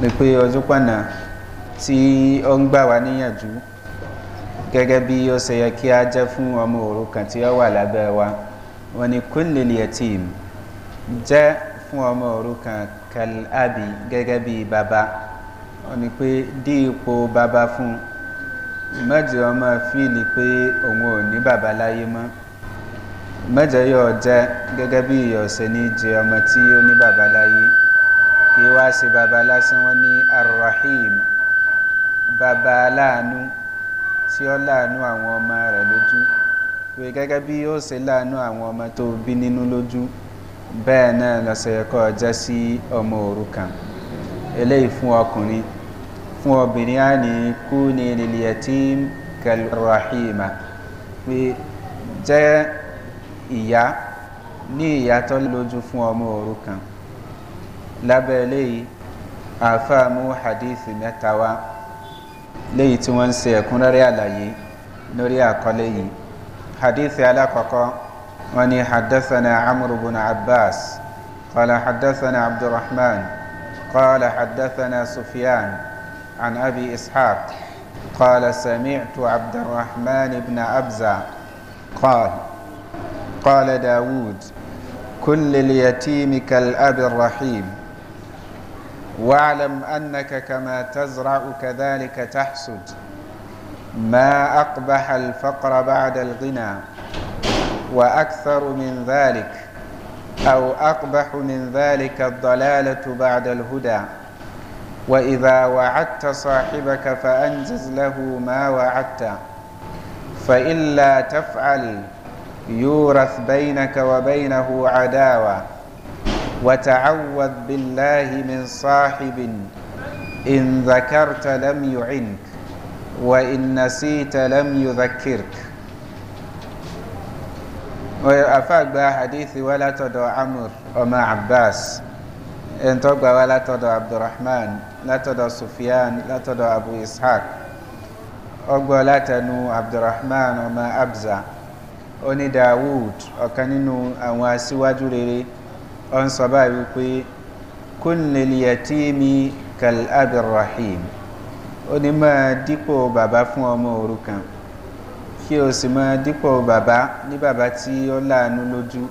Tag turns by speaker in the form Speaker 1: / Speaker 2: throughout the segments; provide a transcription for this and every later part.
Speaker 1: ni pé ọdún pànà tí ó ń gbà wá níyànjú gẹ́gẹ́ bí ó ṣe yẹ kí a jẹ́ fún ọmọ òrukàn tí ó wà lábẹ́ wa wọn ni kullil yatim jẹ́ fún ọmọ òrukàn kal gẹ́gẹ́ bí bàbá wọn ni pé dí ipò bàbá fún mẹ́jọ ọmọ fíìlì pé òun ò ní bàbá láyé mọ́ mẹ́jọ yóò jẹ́ gẹ́gẹ́ bí ìyọ̀ṣẹ́ ní jẹ ọmọ tí ó ní bàbá láyé kì í wá ṣe baba lásán wọn ní arrahim baba aláàánú tí ó láàánú àwọn ọmọ rẹ̀ lójú pé gẹ́gẹ́ bí ó ṣe láàánú àwọn ọmọ tó bí nínú lójú bẹ́ẹ̀ náà lọ́sẹ̀ ẹ̀kọ́ jẹ́ sí ọmọ òrukàn eléyìí fún ọkùnrin fún obìnrin á ní kú ní lilyatim kalrahima pé jẹ́ ìyá ní ìyá tó lójú fún ọmọ òrukàn lábẹ́ eléyìí àáfàá mú hadithi mẹ́ta wá léyìí tí wọ́n ń ṣe ẹ̀kúnrẹ́rẹ́ àlàyé lórí àkọlé yìí hadithi alákọ̀ọ́kọ́ wọ́n ní hadathana amr bin abbas qala hadathana abdulrahman qala hadathana sufyan an abi ishaq قال سمعت عبد الرحمن بن أبزع قال قال داود كل اليتيم كالأب الرحيم واعلم أنك كما تزرع كذلك تحصد ما أقبح الفقر بعد الغنى وأكثر من ذلك أو أقبح من ذلك الضلالة بعد الهدى وإذا وعدت صاحبك فأنجز له ما وعدت فإلا تفعل يورث بينك وبينه عداوه وتعوذ بالله من صاحب إن ذكرت لم يعنك وإن نسيت لم يذكرك وأفاق بها حديث ولا تدع عمر وما عباس إن تبقى ولا تدع عبد الرحمن لا تدع سفيان لا تدع أبو إسحاق أقوى لا تنو عبد الرحمن وما أبزع أني داوود وكان نو أواسي وجريري ọ̀n sọ báyìí wípé kúnlẹ̀lìyàtìmí kalabirahim ó ní máa dípò bàbá fún ọmọ òrukàn kí o sì máa dípò bàbá ní bàbá tí ó láàánú lójú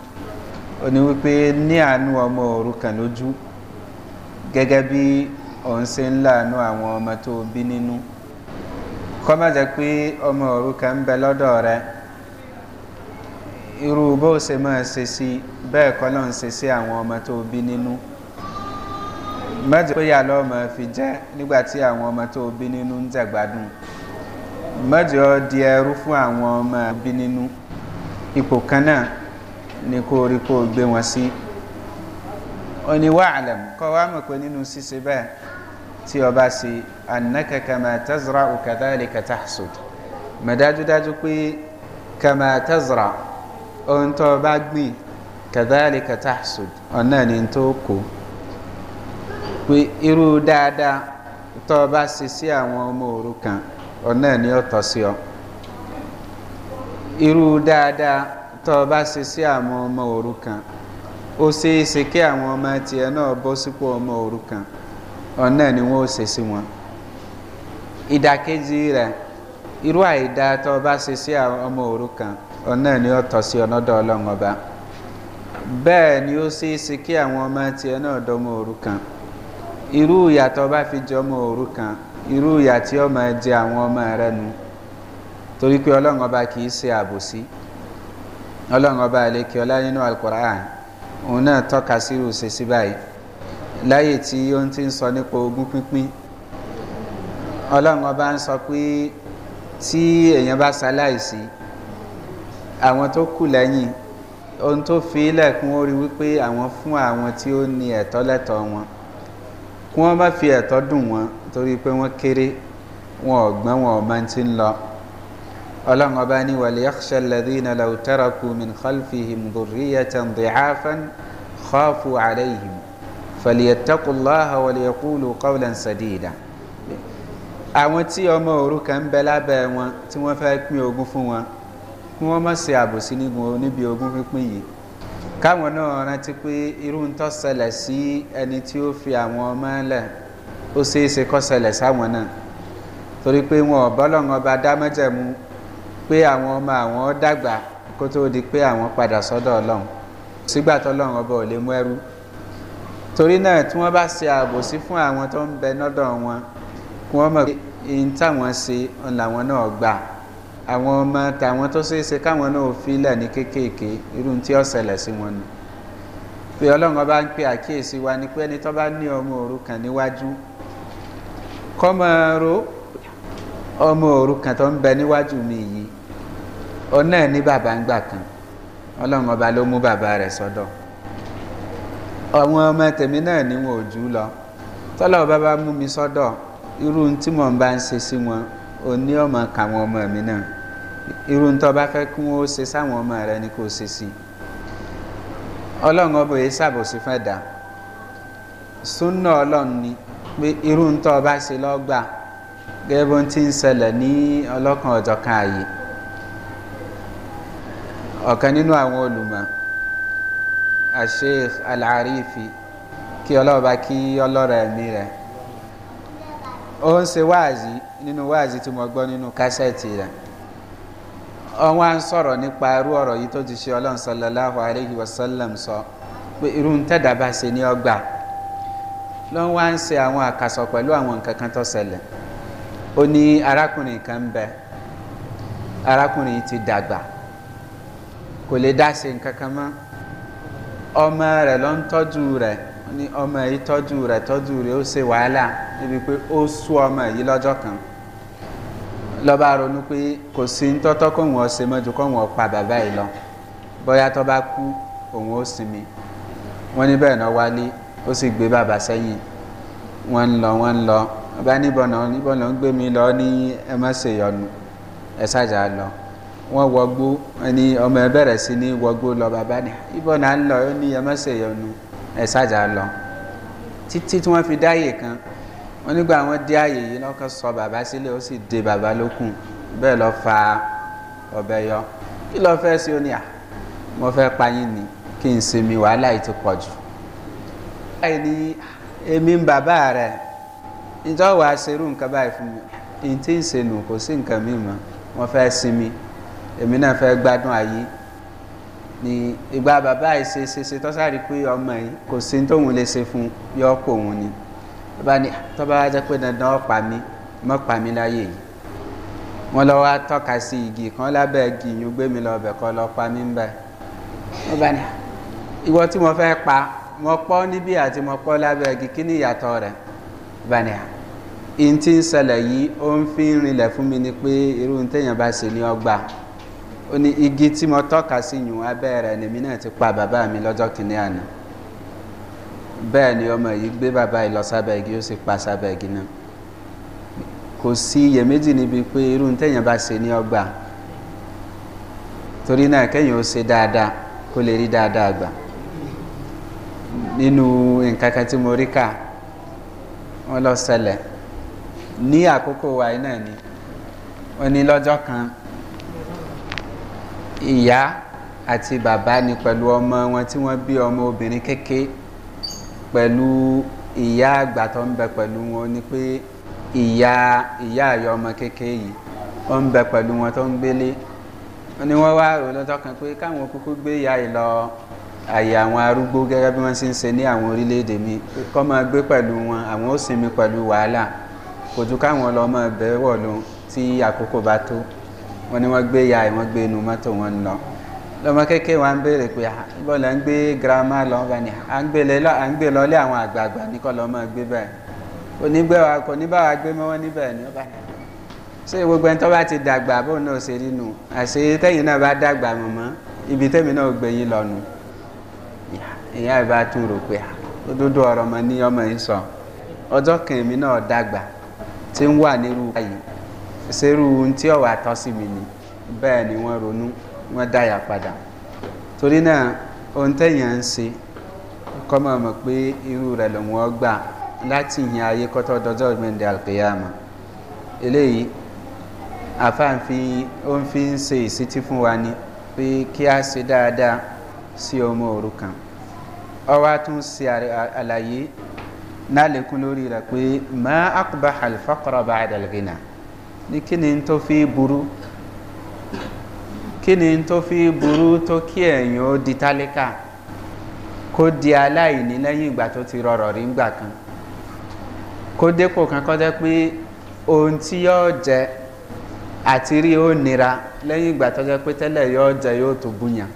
Speaker 1: ó ní wípé ní àánú ọmọ òrukàn lójú gẹ́gẹ́ bí òun ṣe ń láàánú àwọn ọmọ tó bí nínú kọ́ má jẹ́ pé ọmọ òrukàn ń bẹ lọ́dọ̀ rẹ̀ irú bó ṣe máa ṣe sí bẹ́ẹ̀ kọ́ ló ń ṣe sí àwọn ọmọ tó bí nínú mẹ́jọ pé yà lọ́ọ́ máa fi jẹ́ nígbà tí àwọn ọmọ tó bí nínú ń jẹ̀gbádùn mẹ́jọ di ẹrú fún àwọn ọmọ bí nínú ipò kan náà ni kó rí kó gbé wọn sí oníwà àlẹm kọ́ wa mọ̀ pé nínú ṣíṣe bẹ́ẹ̀ tí ọba sí anakakama tazra ukadhalika tahsud mọ̀ dájúdájú pé kama tazra. ohun tó gbin, bá gbìn kàdáàlìkà tahsud ọ̀nà ni tó kù pé irú dáadáa tó bá ṣe sí àwọn ọmọ ọ̀nà ni ó tọ́ sí ọ irú dáadáa tó o bá ṣe sí àwọn ọmọ òrukàn ó ṣeé ṣe kí àwọn ọmọ tiẹ̀ náà bọ́ sípò ọmọ òrukàn ọ̀nà ni wọ́n ó ṣe sí wọn ìdàkejì rẹ̀ irú tó ọ̀nà ni ó tọ́ sí ọ̀nọ́dọ̀ ọlọ́run ọba bẹ́ẹ̀ ni ó ṣeé ṣe kí àwọn ọmọ tiẹ̀ náà dọ́mọ òrukàn irú ìyà tó bá fi jọmọ òrukàn irú ìyà tí ó máa jẹ àwọn ọmọ rẹ nu torí pé ọlọ́run ọba kì í ṣe àbòsí ọlọ́run ọba àlekè ọlá nínú alukoran òun náà tọ́ka sí irú sí báyìí láyè tí ó ti ń sọ nípa ogún pínpín ọlọ́run ọba ń sọ pé tí èèyàn bá ṣaláìsí àwọn tó kù lẹ́yìn ohun tó fi ilẹ̀ kún ó rí wípé àwọn fún àwọn tí ó ní ẹ̀tọ́ lẹ́tọ́ wọn kí wọ́n bá fi ẹ̀tọ́ dùn wọn torí pé wọ́n kéré wọn ò gbọ́n wọn ò máa ti ń lọ ọlọ́run ọba ní wàlẹ̀ yakhsha alladhina law taraku min khalfihim dhurriyatan dhi'afan khafu alayhim falyattaqullaha walyaqulu qawlan sadida àwọn tí ọmọ òrukàn ń bẹ lábẹ́ wọn tí wọ́n fẹ́ pín ogún fún wọn kí wọ́n má ṣe àbòsí níbi ogún pínpín yìí káwọn náà rántí pé irú ń tọ́ ṣẹlẹ̀ sí ẹni tí ó fi àwọn ọmọ ẹlẹ̀ ó ṣeé ṣe kọ́ ṣẹlẹ̀ sáwọn náà torí pé wọn ò bọ́lọ́ngàn ọba dámẹ́jẹ̀mú pé àwọn ọmọ àwọn dàgbà kó tóó di pé àwọn padà sọ́dọ̀ ọlọ́run sígbà tọ́lọ́run ọba ò lè mú ẹrú torí náà tí wọ́n bá ṣe àbòsí fún àwọn tó ń bẹ lọ́dọ̀ wọn kí wọ́n mọ̀ pé àwọn ọmọ tàwọn tó ṣeé ṣe káwọn náà filẹ̀ ní kéékèèké irú tí ó ṣẹlẹ̀ sí wọn ni pé ọlọ́run ọba ń pe àkíyèsí wa ni pé ẹni tó bá ní ọmọ òrukàn níwájú kọ́mọ̀ọ́rọ́ ọmọ òrukàn tó ń bẹ níwájú mi yìí ọ̀nà ní bàbá ń gbà kan ọlọ́run ọba ló mú bàbá rẹ̀ sọ́dọ̀ àwọn ọmọ tèmi náà ni wọn ò jù lọ tọ́lá ọba bá mú mi sọ́dọ̀ irú tí mò ń bá ń ṣe sí wọn òní ọmọ kàwọn ọmọ mi náà irú ń tọ́ba fẹ́ kí wọ́n ṣe sáwọn ọmọ rẹ ni kò ṣe sí ọlọ́run ọbọ̀ yìí ṣàbòsí fẹ́ dà súnà ọlọ́run ni pé irú ń tọ́ba ṣe lọ́gbà gẹ́gẹ́ bó ti ń ṣẹlẹ̀ ní ọlọ́kan ọ̀jọ̀kan àyè ọ̀kan nínú àwọn olùmọ̀ àṣeyìk alàrífi kí ọlọ́ọ̀bá kí ọlọ́rọ̀ ẹ̀mí rẹ̀ ó ń ṣe wáàzí nínú wáàzí tí mo gbọ́ nínú kásẹ̀tì rẹ̀ ọwọ́n a ń sọ̀rọ̀ nípa irú ọ̀rọ̀ yìí tó ti ṣe ọlọ́run sọlọ́láhùn aláìhí wasallam sọ pé irú ń tẹ́dà ṣe ní ọgbà lọ́n wá ń ṣe àwọn àkàsọ̀ pẹ̀lú àwọn nǹkan kan tó ṣẹlẹ̀ ó ní arákùnrin kan ti dàgbà kò lè dá ṣe nǹkan kan mọ́ ọmọ rẹ̀ ló ń tọ́jú rẹ̀ ọmọ yìí tọ́jú rẹ̀ tọ́jú rẹ̀ ó ṣe wàhálà níbi pé lọ́ba ronú pé kò sí ń tọ́tọ́ kó wọn ṣe mọ́jú kó wọn pa bàbá yìí lọ bóyá tó bá kú òun ó sinmi wọ́n ní bẹ́ẹ̀ náà wálé ó sì gbé bàbá sẹ́yìn wọ́n ń lọ wọ́n ń lọ ọba níbọnà níbọnà ń gbé mi lọ ní ẹ yọnu ẹ lọ wọ́n wọgbó ẹni ọmọ ẹ bẹ̀rẹ̀ sí ní wọgbó lọ bàbá ni ìbọnà ń lọ ó ní ẹ má ṣe yọnu ẹ ṣàjà lọ títí tí wọ́n fi dáyè kan wọn nígbà wọn dé àyè yìí lọ́kàn sọ bàbá sílẹ̀ ó sì dé bàbá lókun bẹ́ẹ̀ lọ fa ọbẹ̀ yọ kí lọ fẹ́ sí oníyà mo fẹ́ payín ni kí n sinmi wàhálà yìí ti pọ̀ jù báyìí ni èmi ń bàbá rẹ̀ ǹjọ́ wàá ṣerú nǹkan báyìí fún mi n tí ń ṣe nù kò sí nǹkan mi mọ́ wọ́n fẹ́ sinmi èmi náà fẹ́ gbádùn ayé ni ìgbà bàbá yìí ṣe ṣe ṣe tọ́sàrí pé ọmọ yìí kò sí tóun lè ṣe fún yọ́pọ̀ òun ni bá ní tọ́ba wá jẹ́ pé dandan ọ̀pá mi mọ́pá mi láyé yìí wọ́n lọ wá tọ́ka sí igi kan lábẹ́ igi yìí gbé mi lọ ọbẹ̀ kan lọ pa mí ń bẹ̀ wọ́n bá ní ìwọ tí mo fẹ́ pa mo pọ́ níbí àti mo pọ́ lábẹ́ igi kí ni ìyàtọ̀ rẹ̀ bá ní ìyìn tí ń ṣẹlẹ̀ yìí ó ń fi ń rinlẹ̀ fún mi ni pé irú téèyàn bá ṣe ní ọgbà ó ní igi tí mo tọ́ka sí yùn abẹ́ rẹ̀ nèmi náà ti pa bàbá mi lọ́jọ́ kìnìún àná bẹ́ẹ̀ ni ọmọ yìí gbé bàbá yìí lọ sábẹ́ igi ó sì pa sábẹ́ igi náà kò sí iyèméjì níbi pé irú tẹ̀yìn bá ṣe ní ọgbà torí náà kẹ́yìn ó ṣe dáadáa kó lè rí dáadáa gbà nínú nǹkan kan tí mo rí kà wọ́n lọ ṣẹlẹ̀ ní àkókò wa iná ni wọ́n ní lọ́jọ́ kan ìyá àti bàbá ni pẹ̀lú ọmọ wọn tí wọ́n bí ọmọ obìnrin kékeré pẹ̀lú ìyá àgbà tó ń bẹ pẹ̀lú wọn ni pé ìyá ìyá àyọ ọmọ kékeré yìí ó ń bẹ pẹ̀lú wọn tó ń gbélé ni wọ́n wá rò lọ́jọ́ kan pé káwọn kúkú gbé ìyá yìí lọ àyè àwọn arúgbó gẹ́gẹ́ bí wọ́n ṣe ń ṣe ní àwọn orílẹ̀-èdè mi kọ́ máa gbé pẹ̀lú wọn àwọn ó sinmi pẹ̀lú wàhálà kò ju káwọn lọ máa bẹ̀wọ̀ lọ tí àkókò bá tó wọn ni wọ́n gbé ìyá yìí wọ́n gbé inú mọ́tò wọn lọ lọ́mọ kékeré wa ń béèrè pé ah, bọ́ọ̀ lẹ́ ń gbé girama lọ bá ní à ń gbé lọlé àwọn àgbààgbà ní kọ́ lọ́mọ gbé bẹ́ẹ̀ onígbẹ́wà kò ní bá wa gbé mọ́wọ́ níbẹ̀ ní ọba ṣé gbogbo ẹni tó bá ti dàgbà bóun náà ṣe rí nu àṣé tẹ́yìn náà bá dàgbà mọ̀mọ́ ibi tẹ́mi náà gbé yín lọ́nu ìyá ìbá tún rò pé ah, òdodo ọ̀rọ̀ mọ̀ ní ọmọ yìí sọ ọjọ́ kan náà dàgbà tí ń wà nírú ayé ṣerú ohun tí ọ̀wà tọ́ sí mi ni bẹ́ẹ̀ ni wọ́n ronú wọ́n dáyà padà torí náà ohun tẹ̀yàn ń ṣe kọ́ mọ̀ mọ̀ pé irú rẹ̀ lòun ọgbà láti yin ayé kọ́tọ́ dọ́jọ́ ìgbẹ́ndẹ̀ àlùkìyàmọ̀ eléyìí àfáàfin ó ń fi ń ṣe ìsítí fún wa ni pé kí a ṣe dáadáa sí ọmọ òrukàn ọwọ́ tún ṣe àlàyé nálẹ̀kún lórí rẹ̀ pé má àkùbá àlùfákọ̀rọ̀ bá àdàlùgìnà ní kí ni tó fi burú Kini ni tó fi burú tó kí ẹ̀yìn ó di tálíkà kó di aláìní lẹ́yìn ìgbà tó ti rọrọ̀ rí ńgbà kan kó dépò kan kọ́ jẹ́ pé ohun tí yóò jẹ àti rí ó nira lẹ́yìn ìgbà tó jẹ́ pé tẹ́lẹ̀ yóò jẹ yóò tó búyàn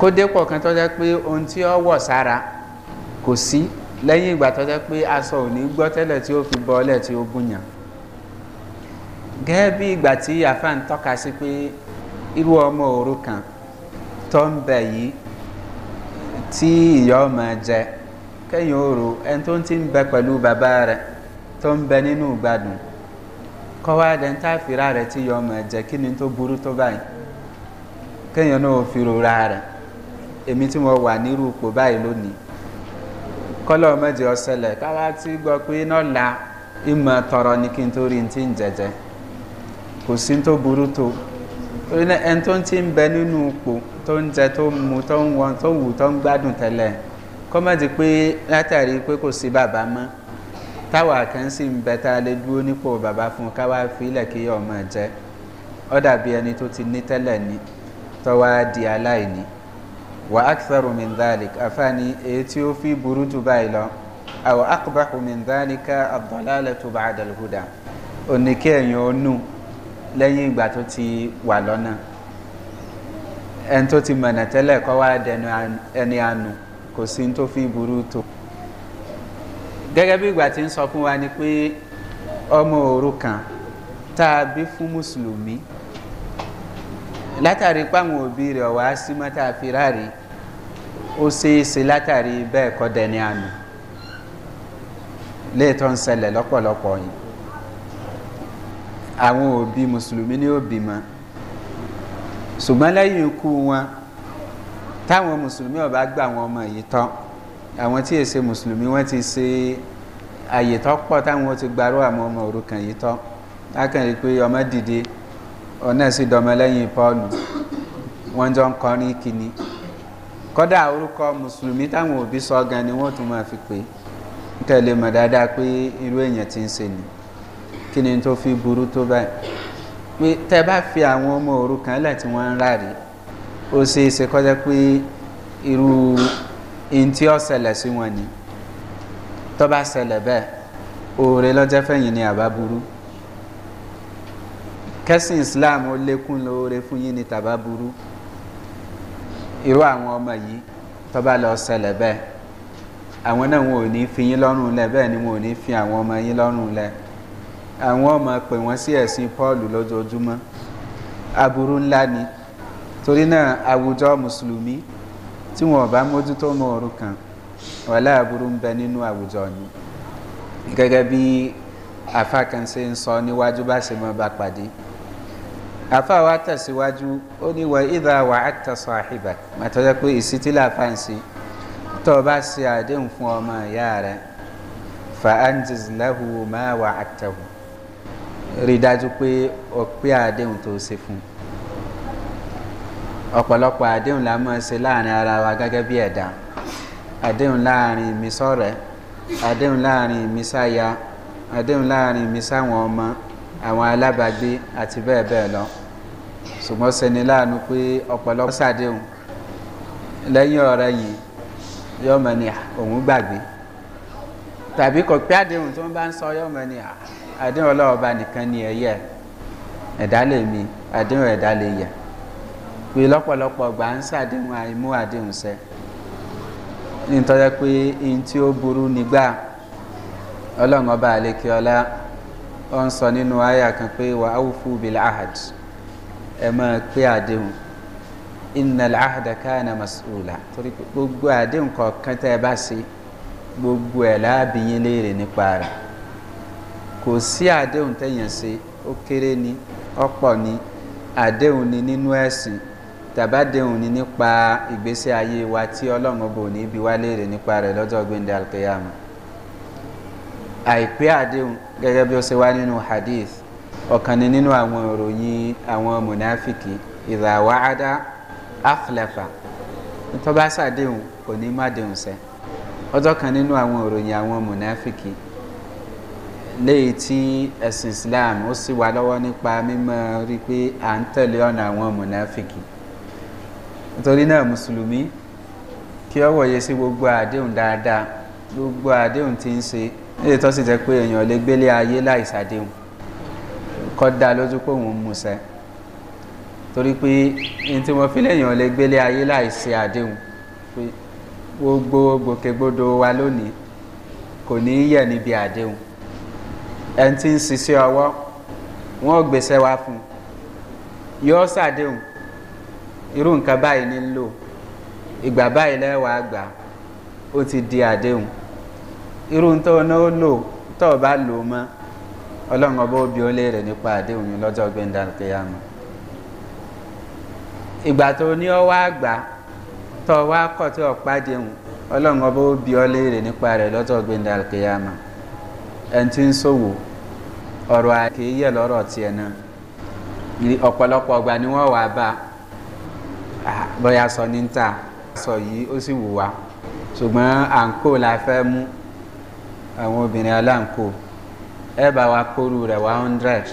Speaker 1: kó dépò kan tó jẹ́ pé ohun tí yóò wọ̀ sára kò sí lẹ́yìn ìgbà tó jẹ́ pé aṣọ ò ní gbọ́ tẹ́lẹ̀ tí fi bọ́ ọ́lẹ̀ tí ó búyàn gẹ́gẹ́ bí ìgbà tí àfa ń tọ́ka sí pé irú ọmọ òru kan tó ń bẹ̀ yìí tí ìyá ọmọ jẹ kẹ́yìn òru ẹni tó ń ti ń bẹ pẹ̀lú bàbá rẹ tó ń bẹ nínú ìgbádùn kọ́wá dẹ́ńtà fìrà tí ìyá ọmọ jẹ kí ni tó burú tó báyìí kẹ́yìn náà fi rora èmi tí wà nírú ipò báyìí lónìí kọ́lọ́ ti gbọ́ pé náà la ìmọ̀ tọrọ ni kí n tó rí kò sí tó burú tó torí náà ẹni tó ń ti ń bẹ nínú ipò tó ń jẹ tó ń mu tó ń wọn tó ń wù tó ń gbádùn tẹ́lẹ̀ kọ́ má pé látàrí pé kò sí bàbá mọ́ táwa kan sì ń bẹ tá a lè dúró nípò bàbá fún káwá fílẹ̀ kí ọmọ jẹ́ ọ dàbí ẹni tó ti ní tẹ́lẹ̀ ni tọ́wá di aláìní wà ákìsàrò min dhalik àfáàní èyí tí ó fi burú jù báyìí lọ àwọn akọbàkù min dhalika ad-dalalatu ba'da al-huda òní kí ẹ̀yìn ó nù lẹ́yìn ìgbà tó ti wà lọ́nà ẹni tó ti mọ̀nà tẹ́lẹ̀ kọ́ wá dẹnu ẹni àánú kò sí tó fi burú tó gẹ́gẹ́ bí ìgbà tí ń sọ fún wa ni pé ọmọ òrukàn tá a bí fún mùsùlùmí látàrí páwọn òbí rẹ̀ wá sí mọ́tà fìràrí ó ṣeéṣe látàrí bẹ́ẹ̀ kọ́ dẹni ń ṣẹlẹ̀ lọ́pọ̀lọpọ̀ àwọn òbí mùsùlùmí ni ó bímọ ṣùgbọ́n lẹ́yìn ikú wọn táwọn mùsùlùmí ọba gbà wọn ọmọ yìí tán àwọn tí èsè mùsùlùmí wọn ti ṣe àyè tó pọ̀ táwọn ti gbarú àwọn ọmọ òrukàn yìí tán lákàrí pé ọmọ dìde ọ̀nà sì dọmọ lẹ́yìn pọ́ọ̀lù wọ́n jọ ń kọrin kínní kọ́dà orúkọ mùsùlùmí táwọn òbí sọ gan ni wọ́n tún máa fi pè é tẹ̀lé mọ̀ dáadáa pé irú èèyàn ti ń ṣe nìyí kí ni tó fi burú tó báyìí pé tẹ́ bá fi àwọn ọmọ òrukàn lẹ̀ tí wọ́n ń ráre ó ṣe é ṣe kọjá pé irú ihun tí ó ṣẹlẹ̀ sí wọn ni tó bá ṣẹlẹ̀ bẹ́ẹ̀ oore lọ́jọ́ fẹ̀yìn ni àbá burú kẹ́sìn islam ó lékún lóore fún yín ni tàbá burú irú àwọn ọmọ yìí tó bá lọ ṣẹlẹ̀ bẹ́ẹ̀ àwọn náà wọn ò ní fi yín lọ́rùn lẹ̀ bẹ́ẹ̀ ni wọn ò ní fi àwọn ọmọ yín lọ́rùn lẹ̀ àwọn ọmọ pè wọ́n sí ẹ̀sìn Pọ́ọ̀lù lójoojúmọ́ aburú ńlá ni torí náà àwùjọ mùsùlùmí tí wọn bá mójútó mọ òrukàn wàhálà aburú ń bẹ nínú àwùjọ ni gẹ́gẹ́ bí afa kan ṣe ń sọ níwájú bá ṣe mọ́ bá pàdé afa wa tẹ̀síwájú ó ní wọ ìdá wà á àhìbà màtọ́jọ́ pé ìsítílà fáǹsì tó o bá ṣe àdéhùn fún ọmọ ìyá rẹ fa anjiz lahu ma wà á rí dájú pé ọ̀pẹ́ àdéhùn tó ṣe fún ọ̀pọ̀lọpọ̀ àdéhùn la máa ṣe láàrin ara wa gẹ́gẹ́ bí ẹ̀dá àdéhùn láàrin mi sọ́rẹ̀ àdéhùn láàrin mi sáya àdéhùn láàrin mi sáwọn ọmọ àwọn alábàágbé àti bẹ́ẹ̀ bẹ́ẹ̀ lọ ṣùgbọ́n ṣeni láàánú pé ọ̀pọ̀lọpọ̀ ṣàdéhùn lẹ́yìn ọ̀rẹ́ yìí yọ́mọ ni òun gbàgbé tàbí kò pé àdéhùn tó ń bá ń sọ yọ́mọ ni àá àdéhùn ọlọ́run ọba nìkan ni ẹ̀yẹ ẹ̀dá lè mi àdéhùn ẹ̀dá lè yẹ pé lọ́pọ̀lọpọ̀ gbà ń ṣàdéhùn nítorí pé tí ó nígbà ọlọ́run ọba àlékè ọlá nínú àyà kan pé wà á bil ahad torí pé gbogbo gbogbo nípa kò sí àdéhùn tẹ̀yàn ṣe ó kéré ni ọ̀pọ̀ ni àdéhùn ni nínú ẹ̀sìn tàbádéhùn ni nípa ìgbésí ayé wa tí ọlọ́run bò ní ibi wá léèrè nípa rẹ̀ lọ́jọ́ gbẹ̀ndẹ̀ alkeyama àìpé àdéhùn gẹ́gẹ́ bí ó ṣe wá nínú hadith ọ̀kan ni nínú àwọn ìròyìn àwọn mùnáfìkì ìràwáádá akhlafa tó bá ṣàdéhùn kò ní má déhùn ṣẹ ọjọ́ kan nínú àwọn ìròyìn àwọn mùnáfìkì léyìí tí ẹ̀sìn islam ó sì wá lọ́wọ́ nípa mímọ́ rí pé à ń tẹ̀lé ọ̀nà àwọn mùnáfìkì nítorí náà mùsùlùmí kí ọ wọ̀ye sí gbogbo àdéhùn dáadáa gbogbo àdéhùn tí ń ṣe léyìí tó sì jẹ́ pé èèyàn lè gbélé ayé láìsàdéhùn kọ́ dá lójú pé òun musẹ́ torí pé ní tí wọ́n fi léèyàn lè gbélé ayé láìsí àdéhùn gbogbo gbòkègbodò wa lónìí kò ní yẹ̀ níbi àdéhùn ẹni tí ń ṣiṣẹ́ ọwọ́ wọ́n gbèsè wá fún un yóò irú nǹkan báyìí ní ìgbà báyìí lẹ́wàá gbà ó ti di àdéhùn irú tó ná ó lò tó o bá lò mọ, ọlọ́run ọba nípa àdéhùn yìí lọ́jọ́ ìgbà tó ní tó o wá kọ̀ tí o pàdéhùn ọlọ́run ọba ẹni tí ń ṣòwò ọ̀rọ̀ àkè yẹ lọ́rọ̀ tiẹ̀ náà ọ̀pọ̀lọpọ̀ ọgbà ni wọ́n wà bá bóyá sọ ní ta sọ yìí ó sì wù wá ṣùgbọ́n à ń kó la fẹ́ mú àwọn obìnrin aláǹkó ẹ bá wa kóru rẹ̀ one hundred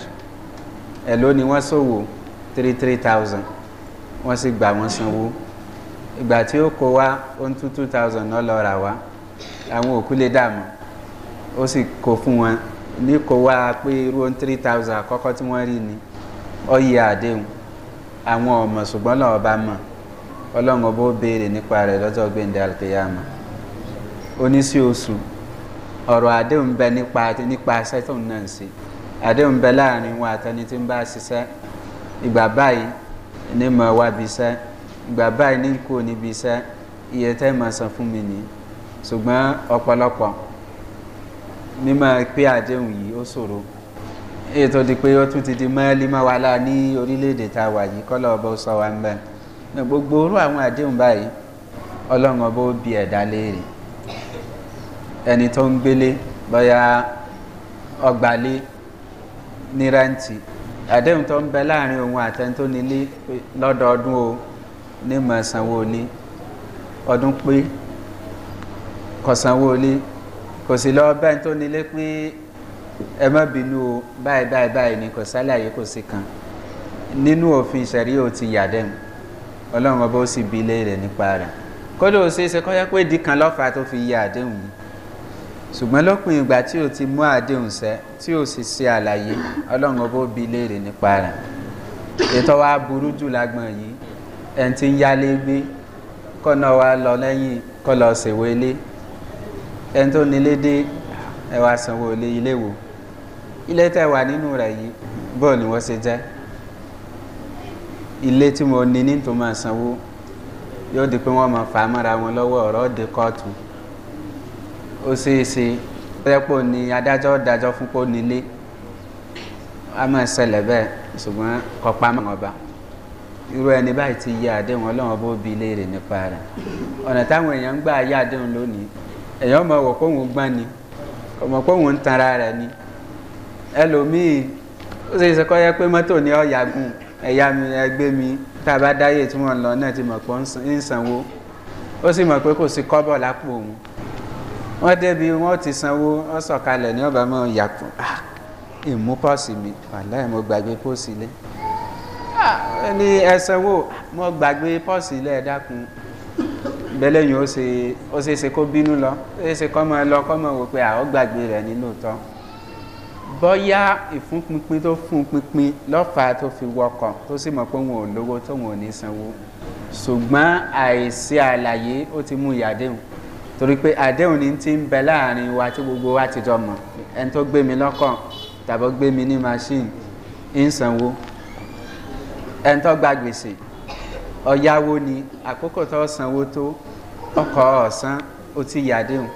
Speaker 1: ẹ̀ lónìí wọ́n ṣòwò three three thousand wọ́n sì gbà wọ́n sanwó ìgbà tí ó kó wa ó ń tú two thousand náà lọ rà wá àwọn òkú lè dààmú. ó sì kó fún wọn ní kó wá pé irú ohun three thousand àkọ́kọ́ tí wọ́n rí ni ọyẹ àdéhùn àwọn ọmọ ṣùgbọ́n ọba mọ̀ ọlọ́run ọba ó béèrè nípa rẹ̀ lọ́jọ́ gbẹ̀ndẹ̀ àlùkìyàmọ̀ oníṣí oṣù ọ̀rọ̀ àdéhùn bẹ nípa nípa náà àdéhùn bẹ láàrin wọn àtẹni tí ń bá ṣiṣẹ́ ìgbà báyìí ní mọ̀ iṣẹ́ ìgbà báyìí ní kò níbi iṣẹ́ iye tẹ́ mọ̀ san fún mi nìyí ṣùgbọ́n ọ̀pọ̀lọpọ̀ mímọ pé àdéhùn yìí ó ṣòro ètò di pé ó tún ti di mọ́ẹ́lí mọ́ wa láà ní orílẹ̀-èdè tá a wà yìí kọ́lọ́ sọ wa ń gbogbo orú àwọn àdéhùn báyìí ọlọ́run ọba ó bi ẹ̀dá léèrè ẹni tó ń gbélé bóyá ọgbàlé ní rántí àdéhùn tó ń bẹ láàrin òun àtẹni tó nílé lọ́dọọdún o ní mọ̀ sanwó-olé ọdún pé kò sì lọ bẹ́ẹ̀ tó nílé pé ẹ má bínú o báyìí báyìí báyìí ni kò sálàyé kò sí kan nínú òfin ìṣẹ̀rí ò ti yà dẹ́nu ọlọ́run ọba ó sì bi ilé rẹ̀ nípa rẹ̀ kódà ó ṣeé ṣe kọ́ yẹ pé dìkan lọ́fà tó fi yẹ àdéhùn yìí ṣùgbọ́n lópin ìgbà tí o ti mú àdéhùn sẹ́ tí o sì ṣe àlàyé ọlọ́run ọba ó bi ilé rẹ̀ nípa rẹ̀ ètò wa burú jù lágbọ̀n yìí ẹni tí ń yálé gbé kọ́nà wa lọ lẹ́yìn kọ́ lọ ṣèwé ilé ẹni tó nílé dé ẹ wá sanwó ilé ilé wo ilé tẹ wà nínú rẹ yìí bọ́ọ̀ ni wọ́n ṣe jẹ́ ilé tí mo ní ní tó máa sanwó yóò di pé wọ́n máa fà á mọ́ra wọn lọ́wọ́ ọ̀rọ̀ òde kóòtù ó ṣeé ṣe pẹ́pọ̀ ni adájọ́ dájọ́ fún pọ́ nílé a máa ṣẹlẹ̀ bẹ́ẹ̀ ṣùgbọ́n kọ́pá mọ́ ọba irú ẹni báyìí ti yẹ àdéhùn ọlọ́run bó bi léèrè nípa rẹ̀ ọ̀nà táwọn èèyàn ń gbà yá àdéhùn lónìí èèyàn máa wọ̀ pọ́wọ́n gbọ́n ni ọmọ pọ́wọ́n ń tanra rẹ̀ ni ẹlòmíì ó ṣe ṣe kọ́ yẹ pé mọ́tò ni ọ̀ ẹ̀yà mi ẹgbẹ́ mi tá a bá dáyé tí wọ́n ń lọ náà ti mọ̀ pé ń sanwó ó sì mọ̀ pé kò sí kọ́bọ̀ lápò òun wọ́n débi wọ́n ti sanwó ọ́ sọ̀kalẹ̀ ní ọba mọ́ yàgùn ìmú pọ́ọ̀sì mi wàláì mo gbàgbé pọ́ọ̀sì lẹ́ ní ẹ sanwó mo gbàgbé pọ́ọ̀sì lẹ́ dákun bẹ́lẹ̀ yìí ó ṣe é ṣe kó bínú lọ ó ṣe é ṣe kọ́ mọ́ ẹ lọ kọ́ mọ́ wò pé àwọn gbàgbé rẹ̀ nínú tán bọ́yá ìfúnpinpin tó fún pinpin lọ́fàá tó fi wọkọ̀ tó sì mọ̀ pé wọn ò lówó tó wọn ò ní sanwó ṣùgbọ́n àìsí àlàyé ó ti mú ìyá àdéhùn torí pé àdéhùn ni ti ń bẹ láàrin wa tí gbogbo wa ti jọ mọ̀ ẹni tó gbé mi lọ́kọ̀ tàbí gbé mi ní machine ń sanwó ẹni tó gba ọ̀yáwó ni àkókò tó sanwó tó ọkọ̀ ọ̀sán o ti yàdéhùn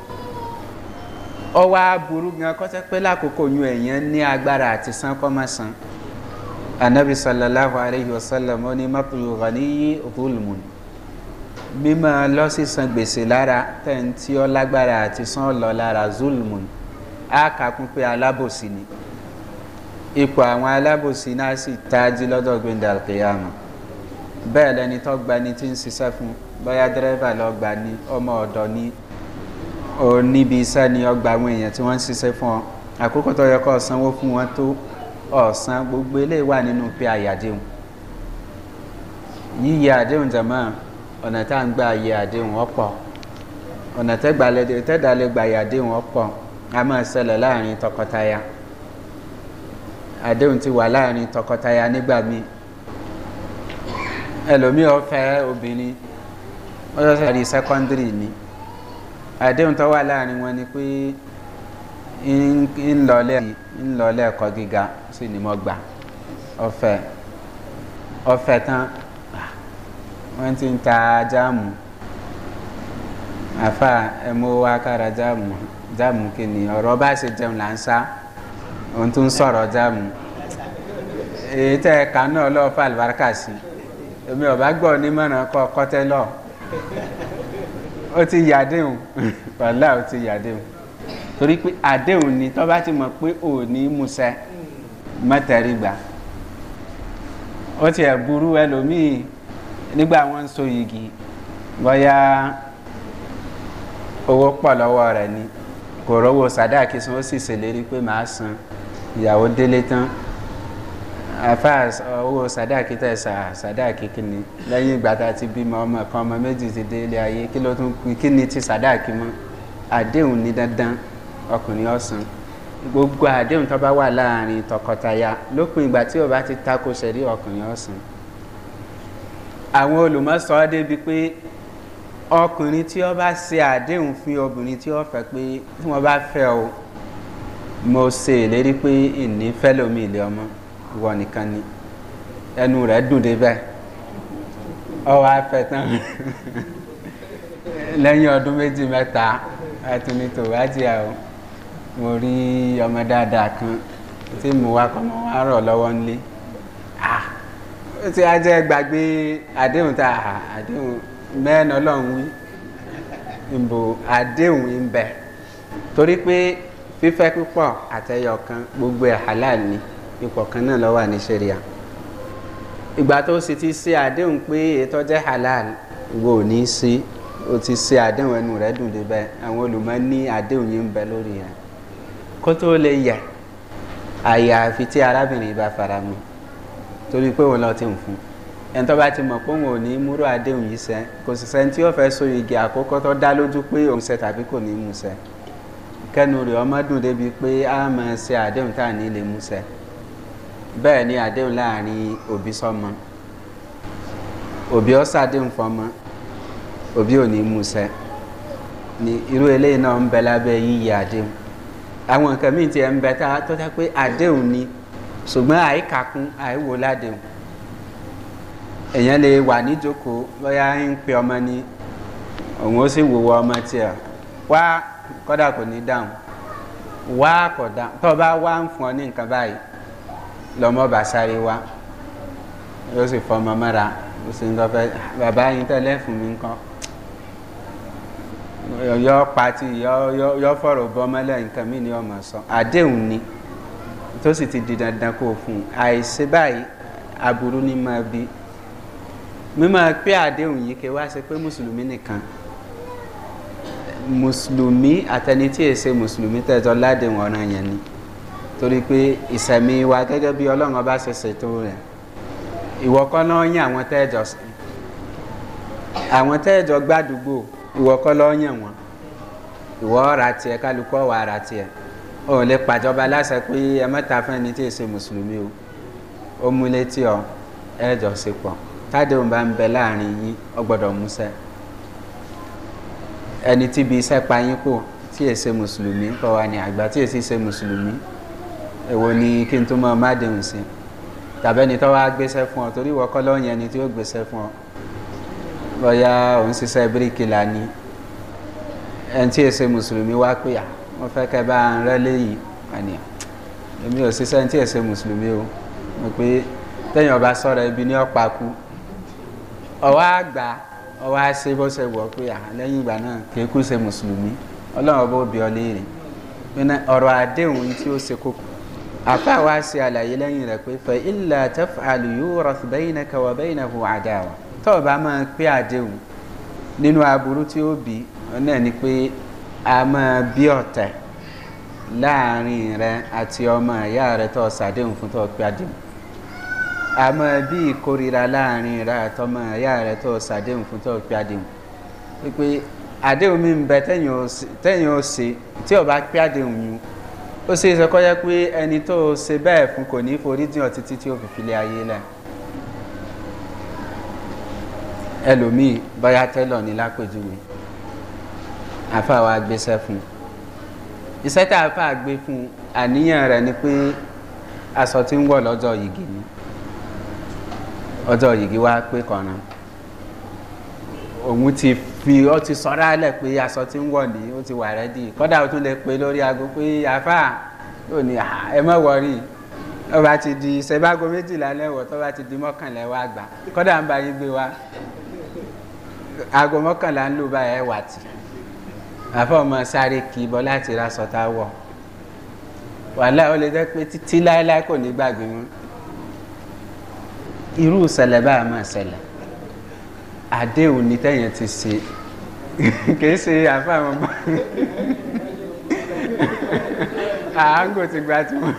Speaker 1: ọwọ́ aburú gan kọ́tẹ́ pé lákòókò yún ẹ̀yàn ní agbára àti san kọ́ máa san anabi sallallahu alayhi wa sallam ó ní mọ́tòyò rẹ̀ ní òkúlùmù mímọ́ lọ́sísan gbèsè lára tẹ̀ǹtì ọlágbára àti san lọ lára zulmù á kàkún pé alábòsí ni ipò àwọn alábòsí náà sì tají lọ́dọ̀ gbẹ̀ndàkìyàmù bẹ́ẹ̀ lẹni tó gbani tí ń ṣiṣẹ́ fún un bóyá dẹ́rẹ́bà lọ gbà ní ọmọ ọ̀dọ̀ ní níbi iṣẹ́ ni ọgbà àwọn èèyàn tí wọ́n ń ṣiṣẹ́ fún ọ àkókò tó yẹ kó sanwó fún wọn tó ọ̀sán gbogbo eléyìí wà nínú pé àyàdéhùn yíyẹ àdéhùn jẹ̀mọ́ ọ̀nà tá à ń gbà yẹ àdéhùn ọ̀pọ̀ ọ̀nà tẹ́gbàlẹ́ gbà yẹ àdéhùn ọ̀pọ̀ a máa ṣẹlẹ̀ láàrin tọkọtaya àdéhùn ti wà láàrin tọkọtaya nígbà míì ẹlòmíì ọ̀fẹ́ obìnrin ó yọ sẹ́yìn ni àdéhùn tó wà láàrin wọn ni pé ń ọkọ lẹ́ẹ̀kọ́ gíga sí ni mo gbà ọ̀fẹ́ ọ̀fẹ́ tán wọ́n ti ń ta jáàmù àfa ẹ̀mú wa kára jáàmù jáàmù kí ọ̀rọ̀ bá ṣe jẹun là ń sá òun tún sọ̀rọ̀ jáàmù èyí tẹ́ ẹ̀ka náà lọ́ọ́ fà lùbáríkà sí èmi ọ̀bá gbọ́ onímọ̀ràn kọ́ kọ́tẹ́ ó ti yà déhùn wàhálà ó ti yà déhùn torí pé àdéhùn ni tó bá ti mọ̀ pé ò ní musẹ́ mẹ́tẹ̀rí gbà ó ti ẹ̀ burú ẹlòmíì nígbà wọn ń so igi bóyá owó pọ̀ lọ́wọ́ rẹ̀ ni kò rówó sàdáàkì san ó sì ṣèlérí pé màá san ìyàwó délé tán àfa uh, owó sàdáàkì tẹ̀sà sàdáàkì kìíní lẹ́yìn ìgbà tá a ti bímọ ọmọ kan ọmọ méjì ti dé ilé ayé kí ló tún kíni ti sàdáàkì mọ́ àdéhùn ní dandan ọkùnrin ọ̀sán gbogbo àdéhùn tó bá wà láàrin tọkọtaya lópin ìgbà tí o bá ti tako ṣẹ̀rí ọkùnrin ọ̀sán àwọn olùmọ̀sọ́ débi pé ọkùnrin tí ó bá ṣe àdéhùn fún obìnrin tí ó fẹ́ pé tí wọ́n bá fẹ́ o mo ṣe ìlérí pé ìní fẹ́ lómi ilé ọmọ ìwọ nìkan ni ẹnu rẹ̀ dùn débẹ̀ ọ wá fẹ́ tán lẹ́yìn ọdún méjì mẹ́ta àtúni tòwájì ẹ̀ o mo rí ọmọ dáadáa kan tí mo wá kọ́ mọ́ wá rọ̀ lọ́wọ́ nílé ah ó ti á gbàgbé àdéhùn tá a àdéhùn mẹ́rin ọlọ́run wí ìbò àdéhùn ń bẹ torí pé fífẹ́ púpọ̀ àtẹyọ kan gbogbo ẹ̀ halal ni ipò kan náà ló wà ní sẹ́ríà ìgbà tó sì ti ṣe àdéhùn pé ètò jẹ́ halal wo ò ní sí o ti ṣe àdéhùn ẹnu rẹ̀ dùn débẹ̀ àwọn olùmọ̀ ní àdéhùn yìí ń bẹ lórí yẹn kó tó lè yẹ àyàfi tí arábìnrin bá fara mu torí pé òun lọ ti ń fún ẹni tó bá ti mọ̀ pé òun ò ní múrò àdéhùn yìí ṣẹ kò sì sẹ́ni tí yóò fẹ́ so igi àkókò tó dá lójú pé òun ṣẹ tàbí kò ní mú ṣẹ kẹ́nu rẹ̀ ọmọ dùn débi pé a máa ṣe àdéhùn tá à ní lè mú ṣẹ. bẹ́ẹ̀ ni àdéhùn láàrin òbí sọ́mọ òbí ó ṣàdéhùn fọ́mọ òbí ò ní múṣẹ ni irú eléyìí náà ń bẹ lábẹ́ yíyẹ àdéhùn àwọn nǹkan míì tiẹ̀ ń bẹ tó tẹ́ pé àdéhùn ni ṣùgbọ́n àìkàkún àìwò ládéhùn èèyàn lè wà níjókòó lọ́yà ń pe ọmọ ni òun ó sì wòwò ọmọ tiẹ̀ wá kọ́dà kò ní dáhùn wá kọ̀dà tó bá wá ń fún lọmọ bá sáré wá yóò sì fọmọ mọ́ra ó sì ń lọ fẹ́ bàbá yín tẹ́lẹ̀ fún mi nǹkan yọ pati yọ fọ̀rọ̀ bọ́mọ́lẹ̀ nǹkan mí ni ọmọ sọ àdéhùn ni tó sì ti di dandan kó fún un àìsí báyìí aburú ni máa bí mímọ pé àdéhùn yìí ké wá ṣe pé mùsùlùmí nìkan mùsùlùmí àtẹni tí èsè mùsùlùmí tẹ̀tọ́ ládéhùn ọ̀ràn yẹn ni torí pé ìsẹ̀mí wa gẹ́gẹ́ bí ọlọ́run ọba ṣe ṣètò rẹ̀ ìwọ kọ́ lọ́ yàn àwọn tẹ́ẹ̀jọ àwọn tẹ́ẹ̀jọ gbàdúgbò ìwọ kọ́ lọ́ yàn wọ́n ìwọ ọ̀rà tiẹ̀ kálukọ́ wà ara tiẹ̀ o lè pàjọba láṣẹ pé ẹ mẹ́ta fún ẹni tí ì ṣe mùsùlùmí o ó mú létí ọ ẹ̀jọ̀ sí pọ̀ tádé òun bá ń bẹ láàrin yín ọ gbọ́dọ̀ múṣẹ́ ẹni tí iṣẹ́ pa yín pò tí ì ṣe mùsùlùmí kọ́ wa ní àgbà tí ì sì ṣe mùsùlùmí èwo ni kí n tó mọ má dẹ̀hùn sí tàbí ẹni tó wá gbéṣẹ́ fún ọ torí ìwọ́kọ́ lọ́yìn ẹni tí ó gbéṣẹ́ fún ọ bọ́yá òun ṣiṣẹ́ bíríkìlà ni ẹni tí èsè mùsùlùmí wá pé à wọ́n fẹ́ kẹ́ bá ń rẹ́ léyìí àní èmi ò ṣiṣẹ́ ẹni tí èsè mùsùlùmí o mo pé tẹ́yìn ọba sọ̀rọ̀ ibi ní ọ̀pá kú ọwọ́ àgbà ọwọ́ àṣẹ bó ṣe wọ̀ pé lẹ́yìn ìgbà náà kéékù ṣe mùsùlùmí ọlọ́run ọba òbí ọ léèrè ọ̀rọ̀ àdéhùn tí ó ṣe kókó afa wa ṣe àlàyé lẹ́yìn rẹ̀ pé fẹ́ ilà tẹ́fàlù yóò rọ̀ bẹ́yìn kẹwàá bẹ́yìn hu àdáwà tó o bá máa pé àdéhùn nínú aburú tí ó bí náà ni pé a máa bí ọ̀tẹ̀ láàrin rẹ àti ọmọ ìyá rẹ tó o ṣàdéhùn fún tó o pé àdéhùn a máa bí ìkórira láàrin rẹ àti ọmọ ìyá rẹ tó o ṣàdéhùn fún tó o pé àdéhùn pé àdéhùn mi ń bẹ tẹ́yìn ó ṣe tí o bá pé àdéhùn yìí ó se é ṣe kọ́ yẹ pé ẹni tó ko bẹ́ẹ̀ fún kò ní forí dín ọtí títí ó fi filé ayé lẹ̀ ẹlòmíì báyà tẹ́lọ̀ ní lápèjúwe wa gbéṣẹ́ fún un iṣẹ́ tá a fà gbé fún àníyàn rẹ̀ ni pé aṣọ tí ń wọ̀ lọ́jọ́ yìgì ni ọjọ́ yìgì wá pé kọ̀ọ̀ràn òun ti fi ọ ti sọ̀rọ̀ alẹ̀ pé aṣọ ti ń wọ̀lé ó ti wà rẹ́dì kọ́dà ó tún lè pe lórí aago pé àfà yóò ní ẹ mọ̀ wọ̀rí ó bá ti di ṣẹ́bágo méjìlá lẹ́wọ̀ tó bá ti di mọ́kànlá wa gbà kọ́dà ń bá yín gbé wa aago mọ́kànlá ń lò báyẹn wà tì àfọ̀ ọmọ sáré kì í bọ́ láti ra sọ̀tà wọ̀ wàhálà ó lè jẹ́ pé títí láéláé kò ní gbàgbé mọ́ irú ìṣẹ̀lẹ̀ báyà máa ṣẹlẹ̀ àdéhùn ní tẹ̀yìn ti ṣe kì í ṣe àfáà wọn bá gò ti gba tí wọn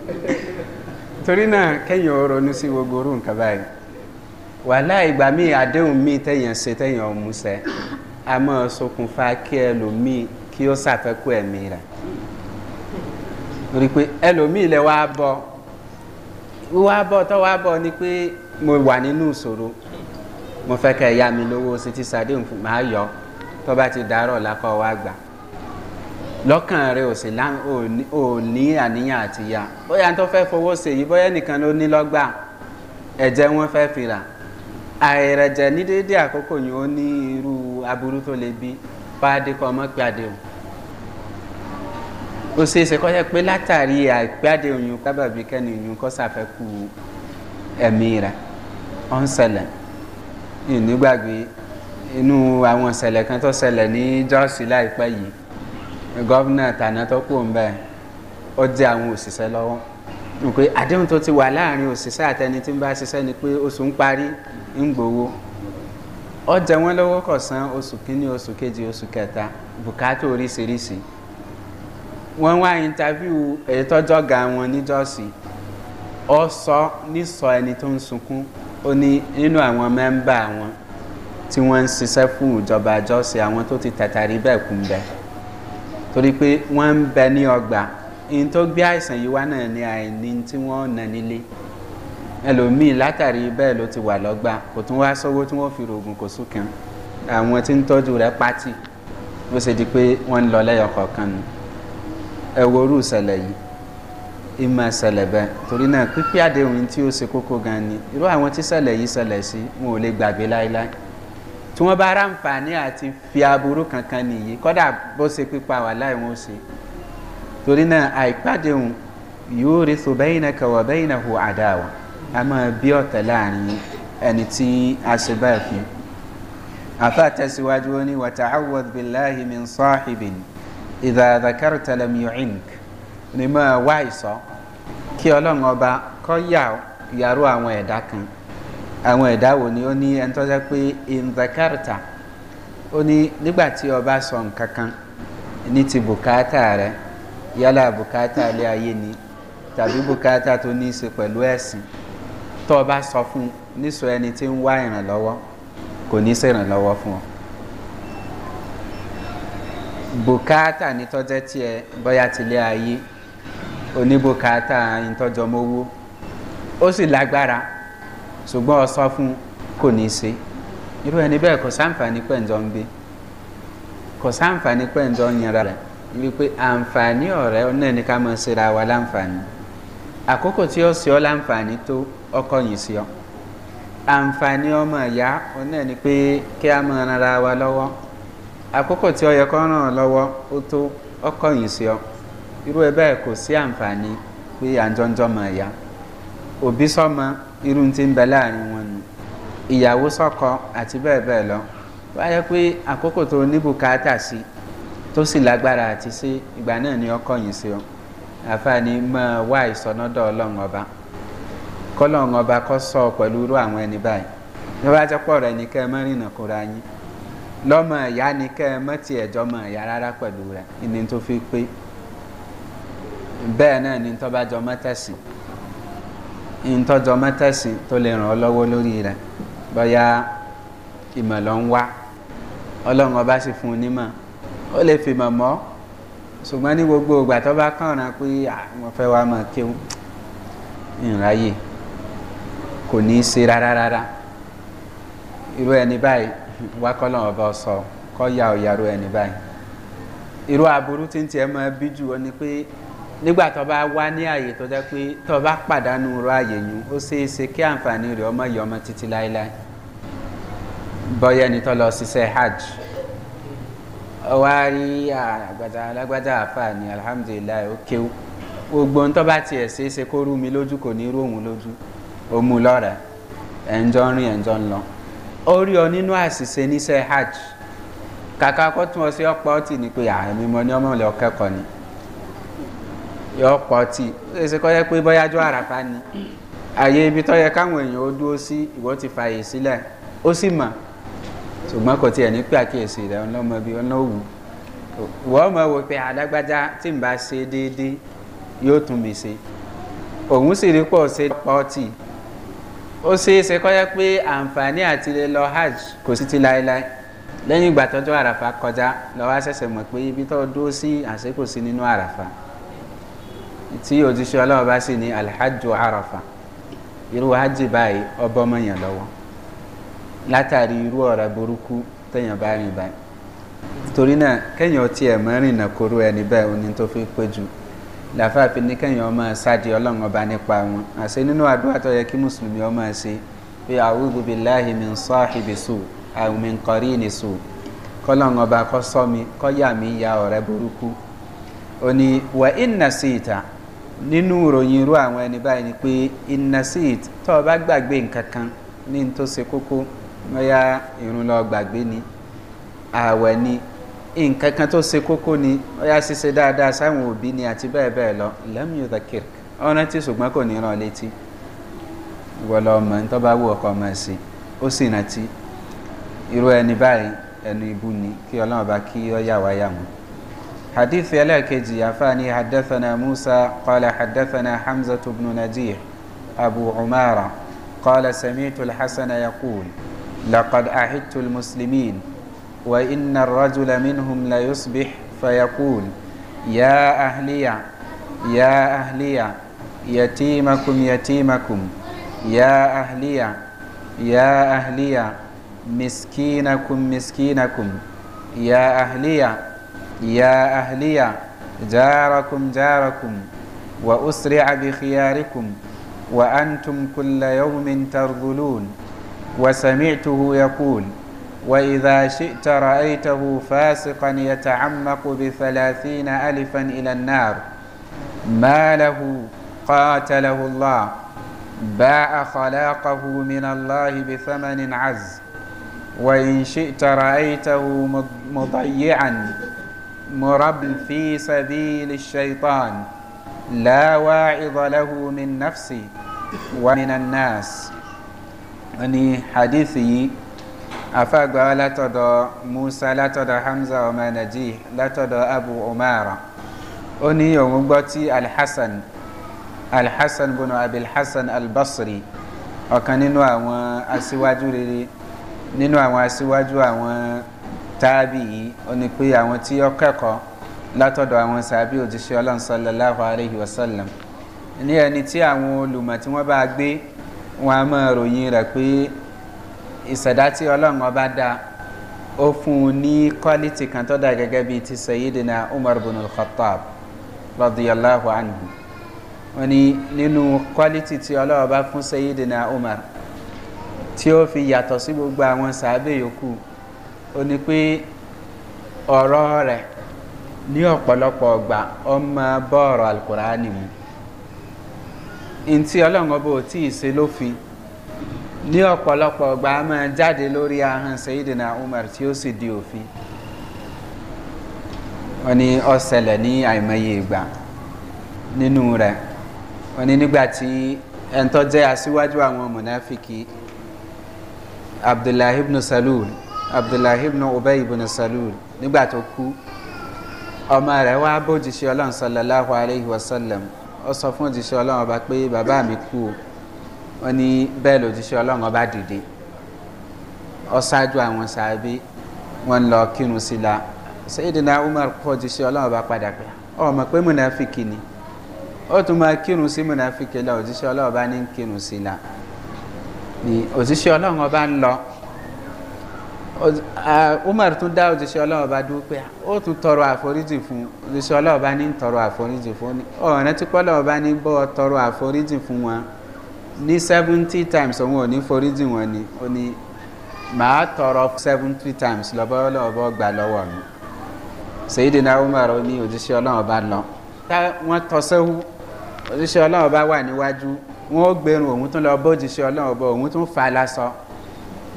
Speaker 1: torí náà kẹ́yìn ọ̀rọ̀ ní sí gbogbo orú nǹkan báyìí wàhálà ìgbà míì àdéhùn míì tẹ̀yàn ṣe tẹ̀yàn ọ̀mùsẹ̀ a máa ṣokùnfà kí ẹlòmíì kí ó ṣàfẹ́kù ẹ̀mí rẹ̀ torí pé bọ̀ wá bọ̀ bọ̀ ni pé mo wà nínú ìṣòro mo fẹ́ kẹ́ ya mi lówó ṣe ti sàdéhùn fún màá yọ tó bá ti dárọ̀ lákọ̀ wá gbà lọ́kàn rẹ ò sì ò ní àníyàn àti ya bóyá tó fẹ́ fowó ṣe yìí bóyá nìkan ló ní lọ́gbà ẹ̀jẹ̀ wọn fẹ́ fi rà àìrẹ̀jẹ̀ ní déédéé àkókò yìí ó ní irú aburú tó le bí fáadé kan mọ́ pé ó ṣe é ṣe kọ́ yẹ pé látàrí àìpé àdéhùn kábàbí kẹ́ni yìí kọ́ sàfẹ́kù ẹ̀mí rẹ̀ ọ̀n ìnígbàgbé inú àwọn ìṣẹ̀lẹ̀ kan tó ṣẹlẹ̀ ní jọ́ọ̀sì láìpẹ́ yìí gọ́vnà tàná tó kù ń bẹ̀ ó jẹ́ àwọn òṣìṣẹ́ lọ́wọ́ pé àdéhùn tó ti wà láàrin òṣìṣẹ́ àtẹni tí ń bá ṣiṣẹ́ ni pé oṣù ń parí ń gbowó ó jẹ wọ́n lọ́wọ́ kọ̀ san oṣù kínní oṣù kejì oṣù kẹta bùkátà oríṣiríṣi wọ́n wá intaviu èyí tọ́jọ́ wọn ní jọ́ọ̀sì ó sọ ní sọ ẹni tó ń sunkún ó ní nínú àwọn mẹ́ńbà wọn tí wọ́n ń ṣiṣẹ́ fún ìjọba àjọṣe àwọn tó ti tàtàrí bẹ́ẹ̀ kú ń bẹ torí pé wọ́n ń bẹ ní ọgbà in tó gbé àìsàn yìí wá náà ní àìní tí wọ́n nà nílé ẹlòmíì látàrí bẹ́ẹ̀ ló ti wà lọ́gbà kò tún wá sówó tí wọ́n fi rògùn kò súnkàn àwọn tí ń tọ́jú rẹ̀ pátì bó ṣe di pé wọ́n ń lọ lẹ́yọ̀ kọ̀ọ̀kan nù wo orú ìṣẹ̀lẹ̀ yìí ìmọ̀ ṣẹlẹ̀ bẹ́ẹ̀ torí náà pípé àdéhùn tí ó ṣe kókó gan ni irú àwọn tí ṣẹlẹ̀ yìí ṣẹlẹ̀ sí wọn ò lè gbàgbé láéláé tí wọ́n bá ráǹfààní àti fi aburú kankan nìyí kọ́dà bó ṣe pípa wà láì wọ́n ṣe torí náà àìpàdéhùn yóò rí so bẹ́yìn náà kẹwọ́ bẹ́yìn náà hù àdáwọ̀ a máa bí ọ̀tẹ̀ láàrin ẹni tí a ṣe báyìí fún afa tẹ̀síwájú ó ní wàtà awọ́d bíláhi mi sọ́ọ̀hìbìn ìdàdàkàrọ̀ ni mọ́ ẹ wá ìsọ́ kí ọlọ́run ọba kọ́ yà yàrá àwọn ẹ̀dá kan àwọn ẹ̀dá wo ni ó ní ẹni tó jẹ́ pé inzakarta ó ní nígbà tí ọba sọ nǹkan kan ní ti bùkátà rẹ yálà bùkátà ilé ayé ni tàbí bùkátà tó ní í ṣe pẹ̀lú ẹ̀sìn tó ọba sọ fún níṣọ ẹni tí ń wá ìrànlọ́wọ́ kò ní ṣèrànlọ́wọ́ fún ọ bùkátà ní tọ́jẹ́ tiẹ̀ bọ́yá tilé ayé oníbùkátà ìtọ́jọmọ́wó ó sì lágbára ṣùgbọ́n ọ sọ fún kò ní í ṣe irú ẹni bẹ́ẹ̀ kò sáǹfààní pẹ̀ǹjọ́ ń gbé kò sáǹfààní pẹ̀ǹjọ́ ń yanra rẹ̀ wípé àǹfààní ọ̀rẹ́ náà ní ká máa ṣera wa láǹfààní àkókò tí ó ṣe ọ́ láǹfààní tó ọkọ̀ yìí sí ọ àǹfààní ọmọ ìyá náà ni pé kí a máa ara wa lọ́wọ́ àkókò tí ó yẹ kó ràn ọ́ lọ́wọ́ ó tó ọkọ̀ yìí sí ọ irú ẹ bẹ́ẹ̀ kò sí àǹfààní pé àjọjọ́ mọ̀ ẹ̀yà òbí sọ́mọ irú ti ń bẹ láàrin wọn nù ìyàwó sọ́kọ àti bẹ́ẹ̀ bẹ́ẹ̀ lọ wáyé pé àkókò tó níbùkátà sí tó sì lágbára àti sí ìgbà náà ni ọkọ yìí sí ọ àfààní máa wá ìsọnọ́dọ̀ ọlọ́run ọba kọ́lọ́run ọba kọ́ sọ pẹ̀lú irú àwọn ẹni báyìí ní wọ́n bá jẹ́ pọ̀ rẹ̀ ní kẹ́ ẹ mọ́ rìnnà kóra yín lọ́mọ ìyá ni kẹ́ ẹ mọ́ tiẹ̀ jọmọ ìyá rárá pẹ̀lú rẹ̀ ìní tó fi pé bẹ́ẹ̀ náà ni tọ́ bá jọ mọ́tẹ̀sìn ìtọ́jọ mọ́tẹ̀sìn tó lè ràn ọ́ lọ́wọ́ ọba sì fún un nímọ̀ ó lè fìmọ̀ mọ́ ṣùgbọ́n ní gbogbo ìgbà tó bá kànràn pé àwọn fẹ́ mọ̀ kí kò ní í ṣe rárá rárá irú ẹni báyìí wá ọba sọ kọ́ ya ọ̀yàrú ẹni báyìí irú aburú tí ń tiẹ̀ máa bí jù ọ ni pé nígbà tó bá wá ní àyè tó jẹ́ pé tó bá pàdánù rọ àyè yìí ó ṣeé ṣe kí àǹfààní rẹ̀ ọmọ yìí ọmọ títí láéláé bọ́yá ẹni tó lọ ṣiṣẹ́ hajj ọwọ́ rí àgbàdà alágbàdà àfààní alhamdulilayi ó kéwú gbogbo ń tó bá tiẹ̀ ṣeé ṣe kó rú mi lójú kò ní rú òun lójú ó mú lọ́ra ẹ̀ ń rìn ẹ̀ ń lọ ó rí ọ nínú àṣìṣe níṣẹ́ hajj kàkà kó tún ọ sí ọ̀pọ̀ ọtí ni pé àmì mọ́ ni ọmọ rẹ̀ ọkẹ́kọ̀ọ́ ni yọ pọ̀ tì èsì kọ́ yẹ pé bọ́yájú àràfà ni àyè ibi tó yẹ káwọn èèyàn ó dúró sí ìwọ ti fààyè sílẹ̀ ó sì mà ṣùgbọ́n kò tiẹ̀ ní pé àkíyèsí rẹ̀ ọlọ́mọ bíi ọlọ́wù wọ́n mọ̀ wò pé àdágbájá tí n bá ṣe déédéé yóò tún mi ṣe òun sì rí pọ̀ ṣe pọ́ọ̀tì ó ṣeé ṣe kọ́ yẹ pé àǹfààní àti lè lọ hajj kò sí ti láéláé lẹ́yìn ìgbà tọ́jú àràfà kọjá lọ́wọ́ ṣẹ̀ṣẹ̀ mọ̀ pé ibi tó dúró sí àṣekò sí nínú àràfà tí òjíṣẹ́ ọlọ́run bá sì ní alhajj arafa irú hajj báyìí ọbọ mọ̀yàn lọ́wọ́ látàrí irú ọ̀rọ̀ burúkú tẹ̀yàn bá rìn báyìí torí náà kẹ́yàn ọtí ẹ̀ mọ́rin náà kóró ẹni bẹ́ẹ̀ oní tó fi pé jù làfáàfin ní kẹ́yàn ọmọ sáàdì ọlọ́run ọba nípa wọn àṣẹ nínú àdúrà tó yẹ kí mùsùlùmí ọmọ ṣe pé a'udhu billahi min sahibi su aw min qarini su kọ́lọ́run ọba kọ́ sọ́ mi kọ́ yà mí ya ọ̀rẹ́ burúkú ó ní wà in nasita nínú ìròyìn irú àwọn ẹni báyìí ni pé inasit tó o bá gbàgbé nǹkan kan ní n tó ṣe kókó lọ́yà irun lọ gbàgbé ni ààwẹ̀ ni nǹkan kan tó ṣe kókó ni lọ́yà ṣíṣe dáadáa sáwọn òbí ni àti bẹ́ẹ̀ bẹ́ẹ̀ lọ lẹ́mìí the kirk ọ̀nà tí ṣùgbọ́n kò ní ràn létí wọlé ọmọ tó bá wù ọkọ ọmọ sí ó sì rántí irú ẹni báyìí ẹnu ibú ni kí ọlọ́run bá kí ọ yà wá yà wọ́n. حديث يلا كجي أفاني حدثنا موسى قال حدثنا حمزة بن نجيح أبو عمارة قال سمعت الحسن يقول لقد أعدت المسلمين وإن الرجل منهم ليصبح فيقول يا أهلي يا أهلي يتيمكم يتيمكم يا أهلي يا أهلي مسكينكم مسكينكم يا أهلي يا أهلي جاركم جاركم وأسرع بخياركم وأنتم كل يوم ترذلون وسمعته يقول وإذا شئت رأيته فاسقا يتعمق بثلاثين ألفا إلى النار ما له قاتله الله باع خلاقه من الله بثمن عز وإن شئت رأيته مضيعا مرب في سبيل الشيطان لا واعظ له من نفسي ومن الناس أني حديثي أفاق لا تدى موسى لا تدى حمزة وما نجيح لا تدى أبو عمارة أني ومبتي الحسن الحسن بن أبي الحسن البصري ọ̀kan nínú àwọn aṣíwájú rere nínú àwọn Taabi yìí ó ní pé àwọn tí ó kẹ́kọ̀ọ́ látọ̀dọ̀ àwọn sàbí òjíṣẹ́ ọlọ́run sallallahu alayhi wa sallam ní ẹni tí àwọn olùmọ̀ tí wọ́n bá gbé wọn a máa ròyìn rẹ̀ pé ìṣẹ̀dá tí ọlọ́run ọba dá ó fún un ní quality kan tó dà gẹ́gẹ́ bíi ti sayyidina umar bin al-khattab radiyallahu anhu wọ́n ní nínú quality tí ọlọ́run ọba fún sayyidina umar tí ó fi yàtọ̀ sí gbogbo àwọn sàbẹ̀ yòókù ó ní pé ọ̀rọ̀ rẹ̀ ní ọ̀pọ̀lọpọ̀ ọgbà ọmọ bọ́ọ̀rọ̀ alukurani mu ntí ọlọ́run ọba ò tí ì ṣe lófin ní ọ̀pọ̀lọpọ̀ ọgbà a máa jáde lórí ahọ́n sayidina umar tí ó sì di òfin wọ́n ní ọ̀sẹ̀lẹ̀ ní àìmọye ìgbà nínú rẹ̀ wọ́n ní nígbà tí ẹ̀ńtọ́ jẹ́ aṣíwájú àwọn mọ̀nàfíkì abdullahi ibn salul abdullahi ibn ubay ibn salul nígbà tó kú ọmọ rẹ̀ wá bójúṣe ọlọ́run sallallahu alayhi wa sallam ó sọ fún òjíṣẹ́ ọlọ́run ọba pé bàbá mi kú o ó ní bẹ́ẹ̀ lòjíṣẹ́ ọlọ́run ọba dìde ó ṣáájú àwọn sàábí wọ́n ń lọ kírun sí la sayyidina umar kú òjíṣẹ́ ọlọ́run ọba padà pé ó pé múnafíkì ni ó tún máa kírun sí múnafíkì la òjíṣẹ́ ọlọ́run ọba ní kírun sí la ni òjíṣẹ́ ọlọ́run ọba ń lọ Umar tún dá òjíṣẹ́ ọlọ́run ọba dúró pé ó tún tọrọ àforíjì fún òjíṣẹ́ ọlọ́run ọba ní tọrọ àforíjì fún ọ̀ràn tí pọ́lọ́ ọba ní bọ́ tọrọ àforíjì fún wọn ní seventy times òun ò ní foríjì wọn ni ó ní màá tọrọ seventy times lọ́bọ́ ọlọ́ọ̀bọ́ gbà lọ́wọ́ mi Sayyidina Umar ó ní òjíṣẹ́ ọlọ́run ọba lọ. wọ́n tọ́sẹ́wú òjíṣẹ́ ọlọ́run ọba wà níwájú wọ́n ó gbẹrun òun tún lọ bójíṣẹ́ ọlọ́run ọba òun tún fa lásọ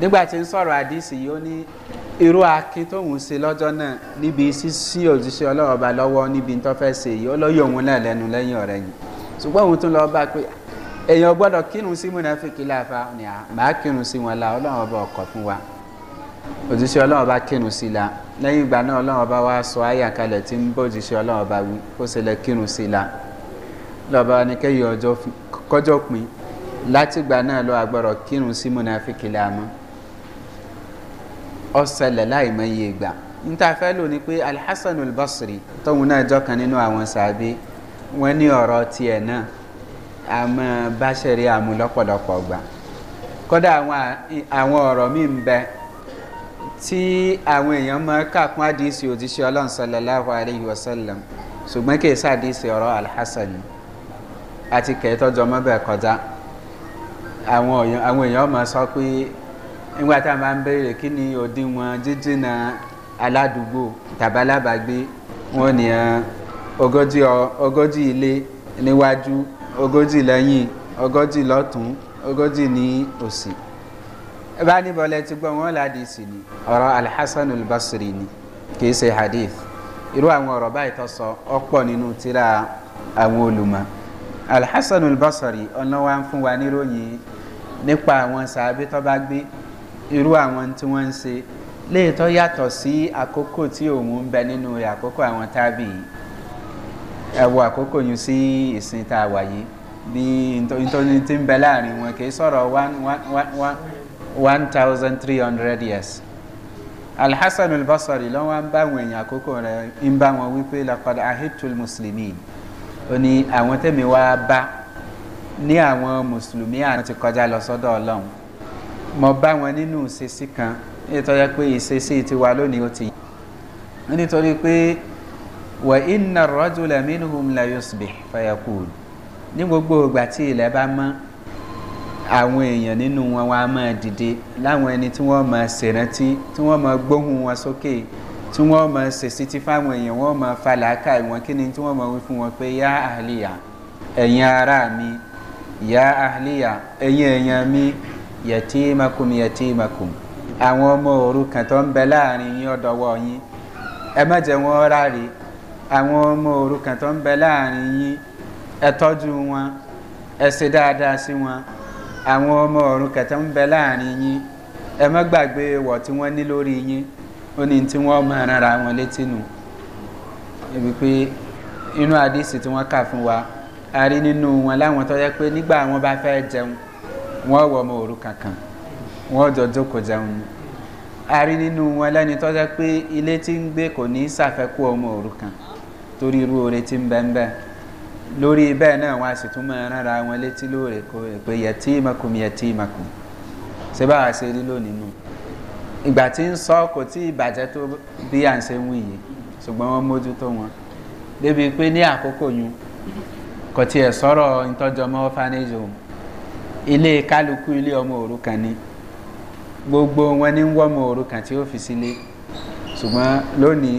Speaker 1: nígbà tí ń sọ̀rọ̀ àdìsí yìí ó ní irú akin tóun ṣe lọ́jọ́ náà níbi sísí òjíṣẹ́ ọlọ́run ọba lọ́wọ́ níbi tó fẹ́ ṣe yìí ó lọ́yọ̀ òun náà lẹ́nu lẹ́yìn ọ̀rẹ́ yìí ṣùgbọ́n òun tún lọ́ọ́ bá pé èèyàn gbọ́dọ̀ kírun sí múnafíkì láfa ni à máa kírun sí wọn la ọlọ́run ọkọ̀ fún wa òjíṣẹ́ ọlọ́run kírun sí la lẹ́yìn ìgbà náà ọlọ́run ọba wa sọ àyà kalẹ̀ tí ń bọ́ òjíṣẹ́ wí kó ṣe lẹ kírun sí la lọ́ba ni kẹ́yìn ọjọ́ kọjọ́ pin látìgbà náà lọ́ọ́ agbọ́dọ̀ kírun sí múnafíkì la mọ́ ọ̀sẹ̀lẹ̀ láì mọ iye ìgbà níta fẹ́ lò ní pé alhassan albasri tóun náà jọ kan nínú àwọn sàbí wọn ní ọ̀rọ̀ tiẹ̀ náà àmọ́ báṣẹ̀rí àmú lọ́pọ̀lọpọ̀ gbà kódà àwọn ọ̀rọ̀ míì ń bẹ tí àwọn èèyàn máa kàkún àdìsí òjíṣẹ́ ọlọ́run sọlọ́láhu alayhi wa sallam ṣùgbọ́n kì í sàdìsí ọ̀rọ̀ alhassan àti kẹ́tọ́jọ́ mọ́bẹ̀ kọjá àwọn èèyàn máa sọ pé nígbà tá a máa ń béèrè kí ni òdiwọ̀n jíjìnà aládùúgbò tàbálábàgbé wọn ni ogójì ogójì ilé níwájú ogójì lẹ́yìn ogójì lọ́tún ogójì ní òsì bá a níbọ̀ lẹ́tí gbọ́ wọn ládìsì ni ọ̀rọ̀ alhassan albasiri ni kì í ṣe hadith irú àwọn ọ̀rọ̀ báyìí tó sọ ọ̀pọ̀ nínú tíra àwọn olùmọ̀ alhassan albasiri ọ̀nà wa ń fún wa níròyìn nípa àwọn sàábí bá gbé irú àwọn tí wọ́n ń ṣe léètọ́ yàtọ̀ sí àkókò tí òun ń bẹ nínú àkókò àwọn tábì ẹ̀wọ̀ àkókò yìí sí ìsìn tá a wà yìí bí nítorí tí ń bẹ láàrin wọn kì í sọ̀rọ̀ one thousand three hundred years alhassan albasari lọ́wọ́ ń bá àwọn èèyàn àkókò rẹ̀ ń bá wọn wípé lakọ́dà ahitul muslimin ó ní àwọn tẹ̀mí wá bá ní àwọn mùsùlùmí àwọn ti kọjá lọ sọ́dọ̀ ọlọ́run mo bá wọn nínú ìṣesí kan nítorí pé ìṣesí ti wà lónìí ó ti yẹ nítorí pé wà iná rọ́júlẹ̀ mínúhùn láyọ̀sibẹ̀ fàyàkùn ní gbogbo ìgbà tí ilẹ̀ bá mọ́ àwọn èèyàn nínú wọn wọn a máa dìde láwọn ẹni tí wọ́n máa ṣèrántí tí wọ́n máa gbóhùn wọn sókè tí wọ́n máa ṣèṣì tí fáwọn èèyàn wọ́n máa falàákà wọn kí ni tí wọ́n máa wí fún wọn pé yá àhlíyà ẹ̀yin ara mi yá àhlíyà ẹ̀yin èèyàn mi yẹtìmakum yẹtìmakum àwọn ọmọ òrukàn tó ń bẹ láàrin yín ọdọwọ yín ẹ má jẹ wọn ráre àwọn ọmọ òrukàn tó ń bẹ láàrin yín ẹ tọ́jú wọn ẹ ṣe dáadáa sí wọn àwọn ọmọ òrukàn tó ń bẹ láàrin yín ẹ má gbàgbé wọ̀ tí wọ́n ní lórí yín ó ní tí wọ́n máa rárá wọn létí nù ebi pé inú àdìsí tí wọ́n kà fún wa a rí nínú wọn láwọn tó yẹ pé nígbà wọn bá fẹ́ jẹun wọ́n wọ ọmọ òru kankan wọ́n jọ jókòó jẹun Ari a nínú wọn lẹ́ni tó jẹ́ pé ilé tí ń gbé kò ní sàfẹ́kù ọmọ òru kan torí irú oore tí ń bẹ́ńbẹ́ lórí bẹ́ẹ̀ náà wọ́n a sì tún máa rárá wọn létí lóòrèkóòrè pé yẹtí ìmọ̀kùn yẹtí ìmọ̀kùn ṣé bá a ṣe rí lónìí nù ìgbà tí ń sọ kò tí ì bàjẹ́ tó bí à ń ṣe ń ṣùgbọ́n ilé kálukú ilé ọmọ òrukàn ni gbogbo wọn ní wọ́mọ òrukàn tí ó fi sílé ṣùgbọ́n lónìí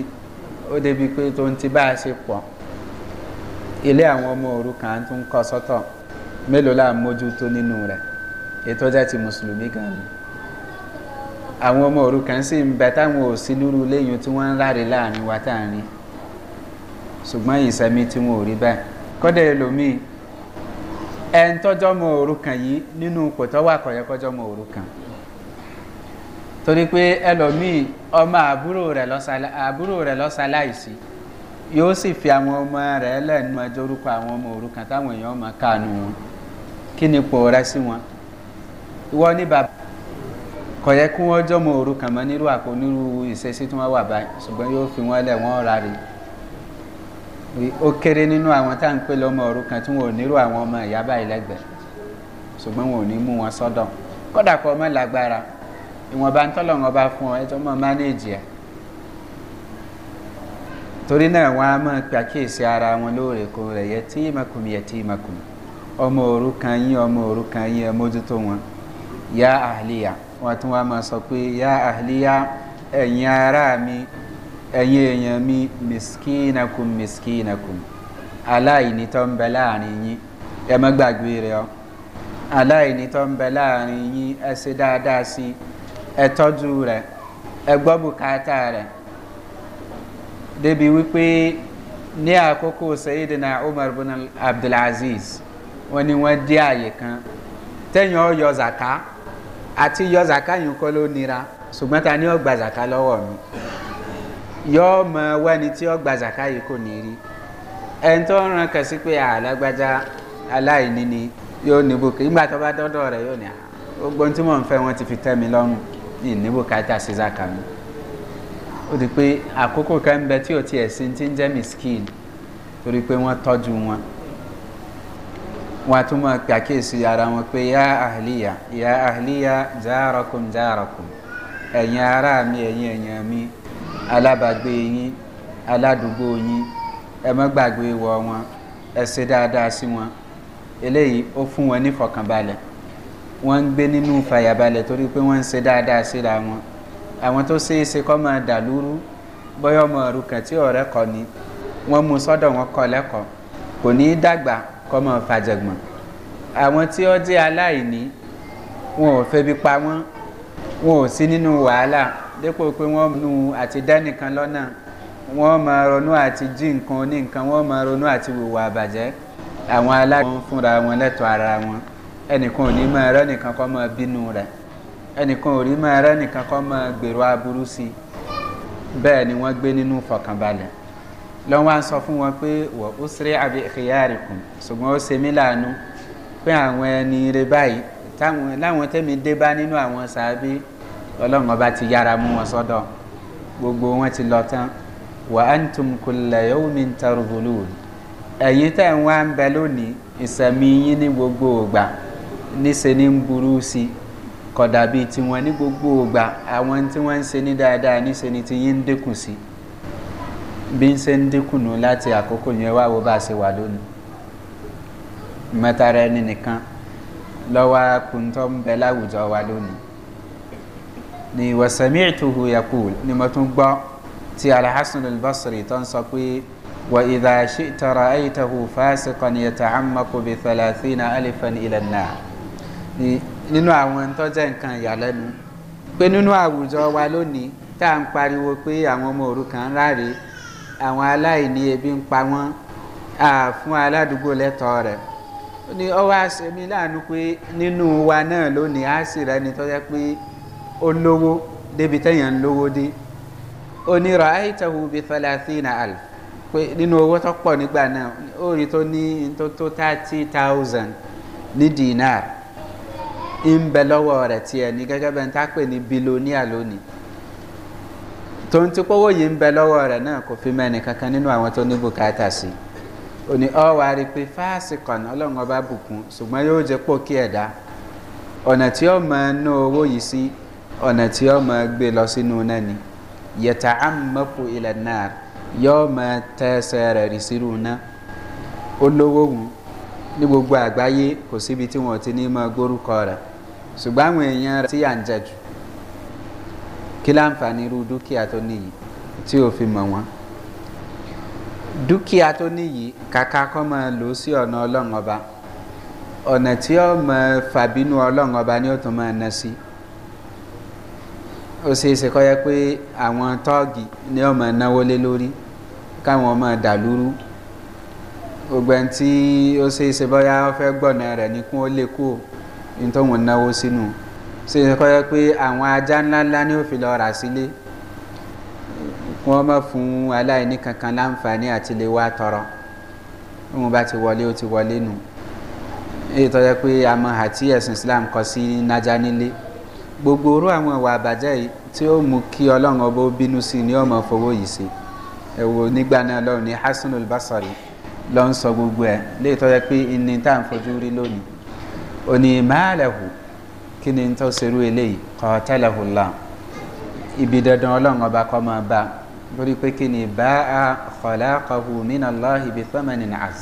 Speaker 1: ó débi pé tó ń ti bá a ṣe pọ̀ ilé àwọn ọmọ òrukàn tó ń kọ́ sọ́tọ̀ mélòó la mójútó nínú rẹ̀ ètò ọjà ti mùsùlùmí gan ni àwọn ọmọ òrukàn sì ń bẹ táwọn ò sí lúrú léyìn tí wọ́n ń ráre láàrin wa táàrin ṣùgbọ́n ìsẹ̀mí tí wọn ò rí bẹ́ẹ̀ kọ́dẹ̀ ẹlòmíì ẹn tọ́jọ́ mọ òrukàn yìí nínú ipò tó wà kọ̀yẹ́ kọjọ́ mọ òrukàn torí pé ẹlòmíì ọmọ àbúrò rẹ̀ lọ́sàláìsí yóò sì fi àwọn ọmọ rẹ̀ lẹ́nu ẹjọ́ orúkọ àwọn ọmọ òrukàn táwọn èèyàn máa káànú wọn kí ni ipò rẹ sí wọn ìwọ ní bàbá kọ̀yẹ́ kí wọ́n jọ́ mọ mọ́ nírú àpò nírú ìṣesí tí wọ́n wà báyìí ṣùgbọ́n yóò fi wọ́n lẹ̀ wọ́n rárí ó kéré nínú àwọn tá à ń pè lọ́mọ òrukàn tí wọn ò nírú àwọn ọmọ ìyá báyìí lẹ́gbẹ̀ẹ́ ṣùgbọ́n wọn ò ní mú wọn sọdọ. kódà kọ́ ọmọ lágbára ìwọ̀nba ń tọ́lọ̀ wọn bá fún ọ ẹjọ́ mánéèjì wọn á ara wọn lóòrèkóòrè yẹ tí ìmọ̀kùnmí yẹ tí ìmọ̀kùnmí ọmọ yín ọmọ yín ẹ mójútó wọn yá wọn tún sọ pé mi enye èèyàn mi miskinakum miskinakum aláìní tó ń bẹ láàrin yín ẹ má gbàgbé rẹ̀ o aláìní tó ń bẹ láàrin yín ẹ ṣe dáadáa sí ẹ tọ́jú rẹ̀ ẹ gbọ́ bùkátà rẹ̀ débi wípé ní àkókò umar bin abdulaziz wọ́n ní wọ́n dé àyè kan tẹ̀yìn ọ yọ zaka àti yọ zaka yìí kọ́ ló nira ṣùgbọ́n ta ni ó gba zaka lọ́wọ́ mi. yọọ mọ wẹni tí ó gba zaka yìí kò ní rí ẹni tó ń ran kẹsí pé alágbájá aláìní ni yóò ní bùkà nígbà tó bá dọ́dọ̀ rẹ̀ yóò ní ah, gbogbo tí mò ń fẹ́ wọn ti fi tẹ́ mi lọ́rùn ní ní bùkátà sí zaka mi ó di pé àkókò kan ń bẹ tí ò tiẹ̀ sí ti ń jẹ́ miskin torí pé wọ́n tọ́jú wọn wọn tún máa pè àkíyèsí ara wọn pé yá àhìlíyà yá àhìlíyà jáàrọ̀kùn jáàrọ̀kùn ẹ̀yin ara mi ẹ̀yin ẹ̀yin mi alábàgbé yín aládùúgbò yín ẹ má gbàgbé wọ wọn ẹ ṣe dáadáa sí wọn eléyìí ó fún wọn ní fọkànbalẹ̀ wọ́n ń gbé nínú fàyàbalẹ̀ torí pé wọ́n ń ṣe dáadáa síra wọn àwọn tó ṣe é ṣe kọ́ máa dà lúrú bóyá ọmọ òrukàn tí ọ̀rẹ́ kọ ni wọ́n mú sọ́dọ̀ wọn kọ lẹ́kọ̀ọ́ kò ní í dàgbà kọ́ máa fàjẹ̀gbọ̀n àwọn tí ó jẹ́ aláìní wọn ò febi pa wọ́n wọn ò sí nínú wàhálà dépò pé wọ́n nu àti dánìkan lọ́nà wọ́n máa ronú àti jí nǹkan oníǹkan wọ́n máa ronú àti wùwà àbàjẹ́ àwọn aláwọ̀ fúnra wọn lẹ́tọ̀ọ́ ara wọn ẹnìkan ò ní máa rẹ́ nìkan kọ́ máa bínú rẹ̀ ẹnìkan ò rí máa rẹ́ nìkan kọ́ máa gbèrò aburú sí i bẹ́ẹ̀ ni wọ́n gbé nínú fọkànbalẹ̀ lọ́wọ́ à ń sọ fún wọn pé wọ́n ó sẹ́rẹ́ àbí ìyáàrìkùn ṣùgbọ́n ó ṣe mí láàánú pé àwọn ẹni rẹ báyìí láwọn tẹ́mi dé bá nínú àwọn sàábí ọlọ́run ọba ti yára mú wọn sọ́dọ̀ gbogbo wọn ti lọ tán wà á ń tún kulẹ̀ yóò mi ń tẹrù bùlù ẹ̀yin tẹ̀ ń wá ń bẹ lónìí ìsẹ̀mí yín ní gbogbo ògbà níṣe ní ń burú sí i kọ̀dà bíi tiwọn ní gbogbo ògbà àwọn tí wọ́n ń ṣe ní dáadáa níṣe ní ti yín ń dínkù sí bí ń ṣe ń dínkù nù láti àkókò yẹn wá wo bá a ṣe wà lónìí mẹ́tara ẹni nìkan lọ́wọ́ akuntọ́ ń bẹ láwùjọ wa lónìí ni wasami'tuhu yakul ni mo tún gbọ́ ti alhassan albasri tó ń sọ pé wa idha shi'ta ra'aytahu fasiqan yata'ammaqu bi thalathina alifan ila an-nar ni nínú àwọn tó jẹ́ nǹkan ìyàlẹ́nu pé nínú àwùjọ wa lónìí tá à ń pariwo pé àwọn ọmọ òrukàn ń ráre àwọn ebi ń pa wọ́n fún aládùúgbò lẹ́tọ̀ọ́ rẹ̀ ni ó wá ṣe mí láàánú wa náà lónìí á sì rẹni tó jẹ́ pé olówó débi tẹ́yàn lówó dé onírà àìtàwù bíi na alf pé nínú owó tó pọ̀ nígbà náà ó rí tó ní tó tó thirty thousand ní dinar ń bẹ lọ́wọ́ rẹ̀ tiẹ̀ ní gẹ́gẹ́ bẹ́ẹ̀ tá a pè ní bilonia lónìí tó ń ti pọ́wọ́ yìí ń bẹ lọ́wọ́ rẹ̀ náà kò fi mẹ́ni kankan nínú àwọn tó ní bùkátà sí ò ní ọ wá rí i pé fáàsì kan ọlọ́run ọba bùkún ṣùgbọ́n yóò jẹ́ pò kí ẹ̀dá ọ̀nà tí ó máa ń ná owó yìí sí ọ̀nà tí yọ́ máa gbé lọ sínú náà ni yẹ̀tà àmọ́pù ilẹ̀ náà yọ́ máa tẹ́sẹ̀ rẹ̀ rí sírù náà ó lówó wù ní gbogbo àgbáyé kò síbi tí wọ́n ti ní máa gbórúkọ rẹ̀ ṣùgbọ́n àwọn èèyàn rẹ̀ tí yà ń jẹ kí láǹfààní irú dúkìá tó níyì tí ò fi mọ̀ wọ́n dúkìá tó níyì kàkà kọ́ máa lò sí ọ̀nà ọlọ́run ọba ọ̀nà tí ó máa fàbínú ọlọ́run ọba ni ó tún máa ná sí. Si ó ṣe é ṣe kọ́ yẹ pé àwọn tọ́ọ̀gì ni ọmọ náwó lé lórí káwọn ọmọ dàlúrú gbogbo ẹni tí ó ṣe é ṣe bọ́yá ó fẹ́ gbọ̀nà rẹ̀ ní kún ó lè kú ní tó wọn náwó sínú ṣe é kọ́ yẹ pé àwọn ajá ńláńlá ni ó fi lọ rà sílé wọ́n mọ̀ fún aláìní kankan láǹfààní àti lè wá tọrọ wọn bá ti wọlé ó ti wọlé nù èyí tó yẹ pé àmọ́ àti ẹ̀sìn Islam kọ sí nájà nílé gbogbo orú àwọn ìwà àbàjẹ́ yìí tí ó mú kí ọlọ́run ọba ó bínú sí ni ọmọ fowó yìí sí ẹ wo nígbà náà lọ́run ní hasanul basari lọ ń sọ gbogbo ẹ léè tọ́ yẹ pé ní tá à ń fojú rí lónìí òní máàlẹ̀hù kí ni tó ṣerú eléyìí kọ́ tẹ́lẹ̀hù là ibi dandan ọlọ́run ọba kọ́ máa bá lórí pé kí ni bá a kọ̀lá kọ̀hù mí nà lọ́ọ́ ibi fẹ́mẹ́nì nàás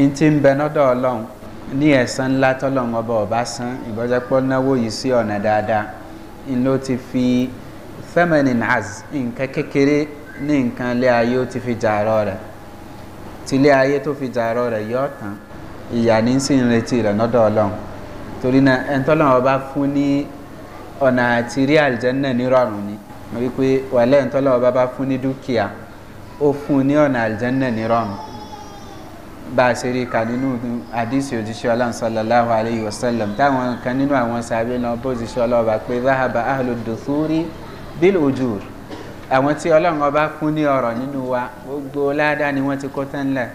Speaker 1: ìntì ń bẹ lọ́dọ̀ ọlọ́run ní ẹ̀san ńlá tọ́lọ́run ọba ọba san ìbọ́jẹ́pọ̀ náwó yìí sí ọ̀nà dáadáa ń ló ti fi feminine as nǹkan kékeré ní nǹkan ilé ayé ó ti fi jàrọ̀ rẹ̀ tí ilé ayé tó fi jàrọ̀ rẹ̀ yọ tán ìyà ní sí ń retí rẹ̀ lọ́dọ̀ ọlọ́run torí náà ẹni tọ́lọ́run ọba fún ní ọ̀nà àti rí àlìjẹ́nà nírọ̀rùn ni wípé wàlẹ́ ẹni tọ́lọ́run ọba bá fún ní dúkìá ó fún ní ọ̀nà àlìjẹ́nà nírọ̀rùn bá a ṣe rí ka nínú àdísì òjíṣẹ́ ọlọ́run sallallahu wa sallam táwọn kan nínú àwọn sàbẹ̀ náà bó òjíṣẹ́ ọlọ́run bá pé zahaba ahlud duthuri bil ujur àwọn tí ọlọ́run ọba fún ní ọ̀rọ̀ nínú wa gbogbo ládàá ni wọ́n ti kó tán lẹ̀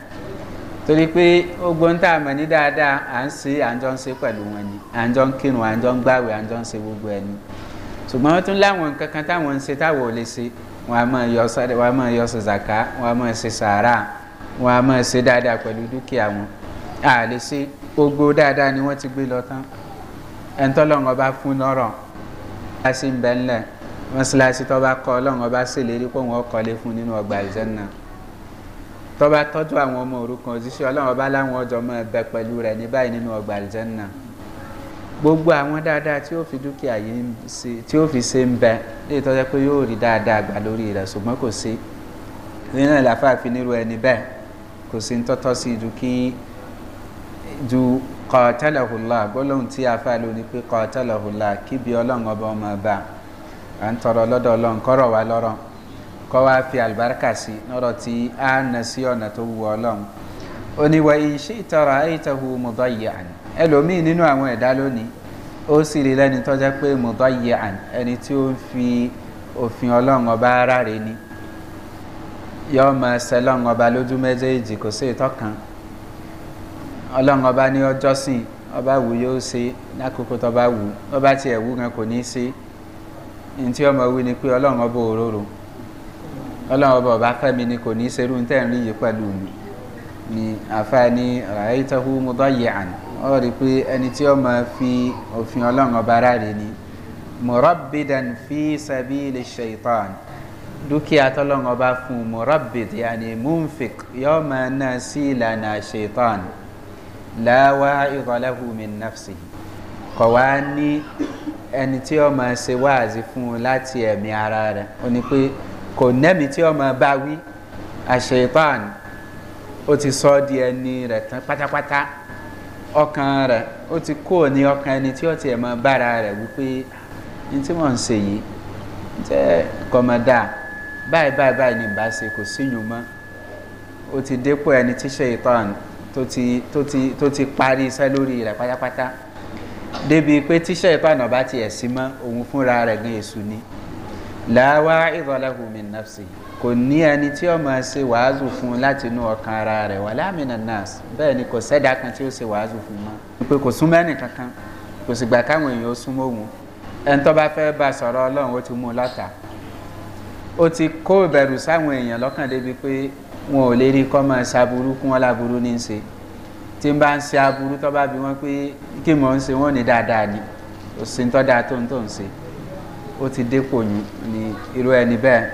Speaker 1: torí pé gbogbo ń tà mọ̀ ní dáadáa à ń sí à ń jọ ń ṣe pẹ̀lú wọn ni à ń jọ ń kírun à ń jọ ń gbàwẹ̀ à ń jọ ń ṣe gbogbo ẹ̀ ṣùgbọ́n wọ́n tún láwọn nǹkan táwọn ń ṣe táwọn ò lè ṣe wọ́n á máa yọ sàká wọ́n á máa ṣe sàárà wọn a máa ṣe dáadáa pẹ̀lú dúkìá wọn a lè ṣe gbogbo dáadáa ni wọ́n ti gbé lọ tán ẹ̀ńtọ́ lọ́ngọ́ bá fún lọ́rọ̀ láti ń bẹ́ ńlẹ̀ mọ́ṣáláṣí tó bá kọ́ ọlọ́run bá ṣèlérí pé wọ́n kọ́lé fún nínú ọgbà ìjẹ́nà tó bá tọ́jú àwọn ọmọ òrukàn òjíṣẹ́ ọlọ́run bá láwọn ọjọ́ máa bẹ pẹ̀lú rẹ̀ ní báyìí nínú ọgbà ìjẹ́nà gbogbo àwọn dáadáa tí ó fi dúkìá yìí tí ó fi ṣe ń bẹ léyìí tó pé yóò rí dáadáa gbà lórí rẹ̀ ṣùgbọ́n kò sí nínú ìlàfáà fi nírú ẹni bẹ́ẹ̀ kò sí ń tọ́tọ́ sí ju kí ju kọ́ọ̀tẹ́lẹ̀hùlá gbólóhùn tí a fà lónìí pé kọ́ọ̀tẹ́lẹ̀hùlá kíbi ọlọ́run ọba ọmọ ọba à ń tọrọ lọ́dọ̀ ọlọ́run kọ́rọ̀ wá lọ́rọ̀ kọ́ wá fi àlùbáríkà sí lọ́rọ̀ tí a nà sí ọ̀nà tó wù ọlọ́run oníwà iṣẹ́ ìtọ́ra ayétahu mọ̀dọ́yàn ẹlòmíì nínú àwọn ẹ̀dá lónìí ó sì rí lẹ́ni tọ́já pé mọ̀dọ́yàn ẹni tí ó ń fi òfin ọlọ́run ọba ara rẹ̀ ni yọ máa ṣe lọ́run ọba lójú méjèèjì kò sí ìtọ́kan ọlọ́run ọba ní ọjọ́ sìn ọba wù yóò ṣe lákòókò tó bá wù ọba tiẹ̀ wù gan kò ní í ṣe ní tí ọmọ wí ni pé ọlọ́run ọba òróró ọlọ́run ọba ọba fẹ́mi ni kò ní í ṣerú tẹ́ ń rí yìí pẹ̀lú mi ni àfa ni ràyítọ́hù mudayyan ọ rí pé ẹni tí ó fi òfin ọlọ́run ọba ráre ni murabbidan fi sabili shaitan dúkìá tọ́lọ́run ọba fún murabit yani munfik yóò máa ná sí ìlànà ṣetán láwa ìrọ̀lẹ́hù min nafsi kọ̀ wá ní ẹni tí ó máa ṣe wáàzí fún un láti ẹ̀mí ara rẹ̀ ó ní pé kò nẹ́mi tí ó máa bá wí àṣetán ó ti sọ di ẹni rẹ̀ tán pátápátá ọkàn rẹ̀ ó ti kó ní ọkàn ẹni tí ó tiẹ̀ máa bára rẹ̀ wípé ah, ní tí wọ́n ń ṣe yìí jẹ́ kọ́mọdáà báyìí báyìí báyìí ni ìbá ṣe kò síyùn mọ́ ó ti dépò ẹni tíṣẹ́ ìtàn tó ti tó ti tó ti parí iṣẹ́ lórí rẹ̀ pátápátá débi pé tíṣẹ́ ìtàn ọba ti ẹ̀sí mọ́ òun fúnra rẹ̀ gan èṣù ni làwa ìrọ̀lẹ́hùn mi nàfṣì kò ní ẹni tí ó ṣe wàázù fún láti inú ọkàn ara rẹ̀ wà láàmìnà nas bẹ́ẹ̀ ni kò sẹ́dá kan tí ó ṣe wàázù fún mọ́ pé kò sún mẹ́rin kankan kò sì gbà káwọn èèyàn ó súnmọ́ òun ẹni tó bá fẹ́ bá sọ̀rọ̀ ọlọ́run ó ti mú un lọ́tàá ó ti kó ìbẹ̀rù sáwọn èèyàn lọ́kàn débi pé wọn ò lè rí kọ́ máa ṣaburú kún wọn láburú ní í ṣe tí n bá ń ṣe aburú tó bá bí wọn pé kí mò ń ṣe wọn ní dáadáa ni kò sí ń tọ́ da tó ń tó ń ṣe ó ti dépò yín ní irú ẹni bẹ́ẹ̀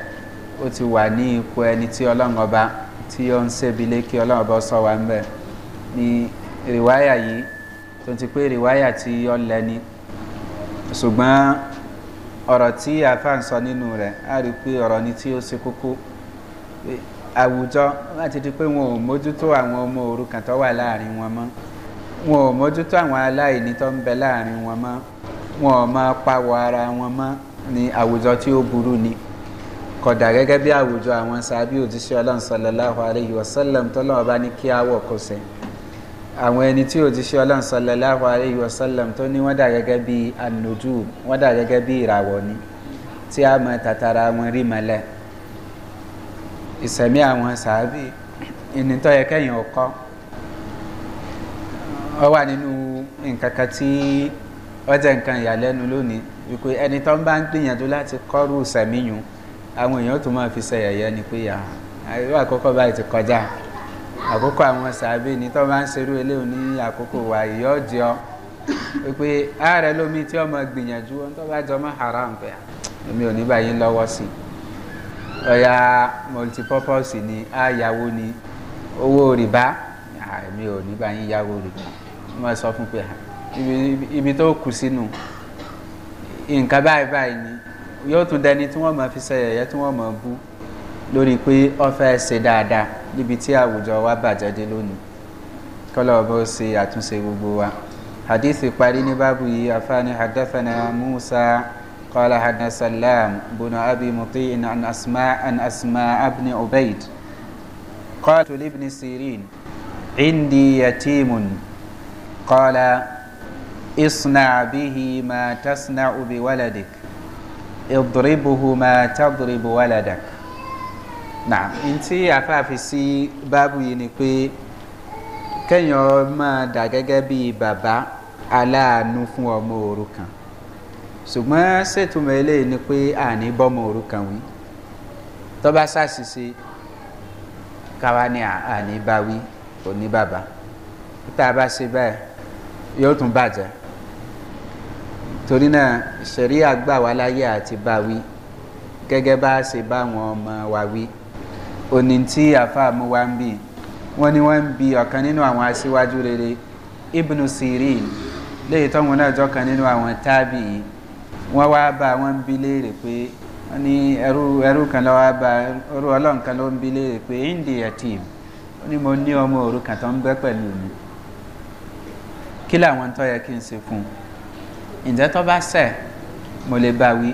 Speaker 1: ó ti wà ní ipò ẹni tí ọlọ́run ọba tí ó ń ṣẹ́bi lé kí ọlọ́run ọba sọ wá ń bẹ̀ ní rìwáyà yìí tó ti pé rìwáyà tí ó lẹ́ni ṣùgbọ́n ọ̀rọ̀ tí àfa ń sọ nínú rẹ̀ á rí i pé ọ̀rọ̀ ni tí ó ṣe kókó àwùjọ láti di pé wọn ò mójútó àwọn ọmọ òrukàn tó wà láàrin wọn mọ́ wọn ò mójútó àwọn aláìní tó ń bẹ láàrin wọn mọ́ wọn ò máa pawọ́ ara wọn mọ́ ní àwùjọ tí ó burú ni kódà gẹ́gẹ́ bí àwùjọ àwọn sábí òjíṣẹ́ ọlọ́run sallallahu alayhi wa sallam tó lọ́wọ́ bá ní kí á wọ̀ sẹ́yìn àwọn ẹni tí ó ti ṣe ọlọ́run sallallahu alayhi wa sallam tó ní wọ́n dà gẹ́gẹ́ bí anojú wọ́n dà gẹ́gẹ́ bí ìràwọ̀ ni tí a mọ tàtàrà wọn rí mọ́lẹ̀ ìsẹ̀mí àwọn sàábì ìnìtọ́ yẹ kẹ́yìn ọkọ́ ọ wà nínú nǹkan kan tí wọ́n jẹ́ nǹkan ìyàlẹ́nu lónìí wípé ẹni tó ń bá ń gbìyànjú láti kọ́rù sẹ̀míyùn àwọn èèyàn tó máa fi ṣe ni pé àwọn àkọ́kọ́ báyìí ti kọjá àkókò àwọn sàbí ni tó bá ń serú eléyìí ní àkókò wa ìyọ́ jẹ ọ pé ààrẹ lómi tí ọmọ gbìyànjú ohun tó bá jọ mọ́ haram pé èmi ò ní báyìí lọ́wọ́ sí ọ̀yà multipurpose ni àyàwó ni owó rìbá èmi ò ní báyìí yàwó rìbá wọ́n sọ fún pé ibi tó kù sínú nǹkan báyìí báyìí ni yóò tún dẹni tí wọ́n mọ̀ fi ṣe yẹ̀yẹ́ tí wọ́n mọ̀ bú lórí pé ọ fẹ́ ṣe dáadáa níbi tí àwùjọ wa bàjẹ́ dé lónìí kọ́lọ̀ bó ṣe àtúnṣe gbogbo wa hadithi parí ní báàbù yìí afáàní hadathana musa kọ́lá hadasalam bùnà abi mutiin an asma an asma abni ubaid kọ́lá tó libni sirin indi yatimun kọ́lá isna bihi ma tasna ubi waladik idribuhu ma tadribu waladak nà ntí afáàfin sí báàbù yìí ni pé kéèyàn máa dà gẹ́gẹ́ bí bàbá aláàánú fún ọmọ òrukàn ṣùgbọ́n ṣètùmọ̀ eléyìí ni pé àní bọ́mọ òrukàn wí tọ́ba ṣàṣìṣe káwa ni àní bá wí òní bàbá tá a bá ṣe báyìí yóò tún bàjẹ́ torí náà ṣẹ̀rí àgbà wa láyé àti bá wí gẹ́gẹ́ bá ṣe bá wọn ọmọ wa wí òní tí àfáà mú wá ń bì wọ́n ní wọ́n ń bi ọ̀kan nínú àwọn aṣíwájú rere ibnu sirin léyìí tọ́wọ́n náà jọ́kan nínú àwọn tábì yìí wọ́n wá bá wọ́n ń bi léèrè pé wọ́n ní ẹrú ẹrú kan lọ́ wá bá ẹrú ọlọ́run kan ló ń bi léèrè pé indi yatim ó ní mo ní ọmọ òrukàn tó ń bẹ́ pẹ̀lú mi kí làwọn tó yẹ kí n ṣe fún un ǹjẹ́ tó bá ṣẹ̀ mo lè báwí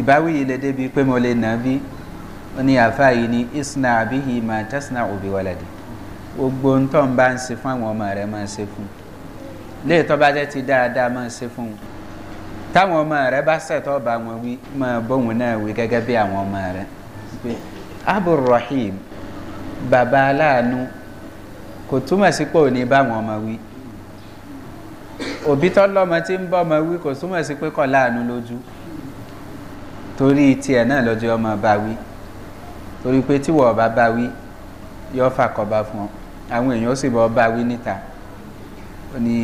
Speaker 1: ìbáwí yìí lè débi pé mo lè nà bí ní àfa yìí ní isna abihi ma tasna obi waladi gbogbo ntọ́ n bá ń se fún àwọn ọmọ rẹ máa se fún léètọ́ bá jẹ́ ti dáadáa máa se fún táwọn ọmọ rẹ bá sẹ̀tọ́ bá wọn wí máa bóun náà wí gẹ́gẹ́ bí àwọn ọmọ rẹ abdulrahim baba aláàánú kò túmọ̀ sí pé òní bá wọn ọmọ wí òbí tọ́lọ́mọ tí ń bọ́ ọmọ wí kò túmọ̀ sí pé kọ̀ láàánú lójú torí tiẹ̀ náà lọ́jọ́ ọmọ bá wí torí pé tí wọ́n bá bá wí yọ fàkọ́bá fún ọ àwọn èèyàn sì bọ́ bá wí níta ni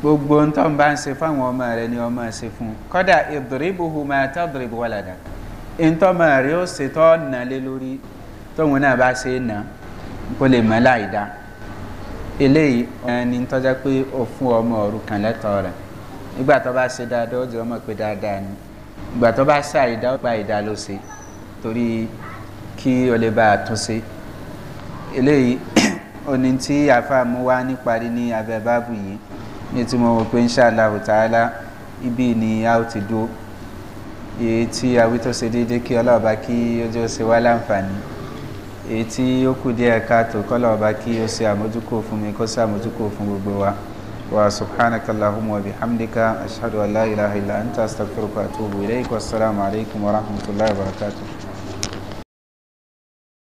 Speaker 1: gbogbo ń tọ́ ń bá ń se fáwọn ọmọ rẹ ni ọmọ se fún kọ́dà ìdòrìbùhù máa tọ́ dòrìbù wà ládàá ìntọ́mọ rẹ ó se tọ́ nà lé lórí tóun náà bá se nà kó lè mọ́ láì dá eléyìí ẹni tọ́já pé ó fún ọmọ òrukàn lẹ́tọ̀ọ́ rẹ̀ nígbà tó bá se dáadáa ó jẹ́ ọmọ pé dáadáa ni ìgbà tó bá se àìdá ó gba ìdá ló se torí kí o lè bá a tún sí eléyìí oní tí àfàmú wá níparí ní abẹ báàbù yìí ní tí mo rò pé inṣàlá òtàálá ibi ni a ó ti dúró èyí tí awí tó ṣe déédé kí ọlọ́ọ̀bá kí ojú ó ṣe wá láǹfààní èyí tí ó kù díẹ̀ káàtó kọ́lọ́ọ̀bá kí ó ṣe àmójúkò fún mi kó ṣe àmójúkò fún gbogbo wa wa subhanaka allahumma wa bihamdika ashhadu an la ilaha illa anta astaghfiruka wa atubu ilayk wassalamu alaikum wa rahmatullahi wa barakatuh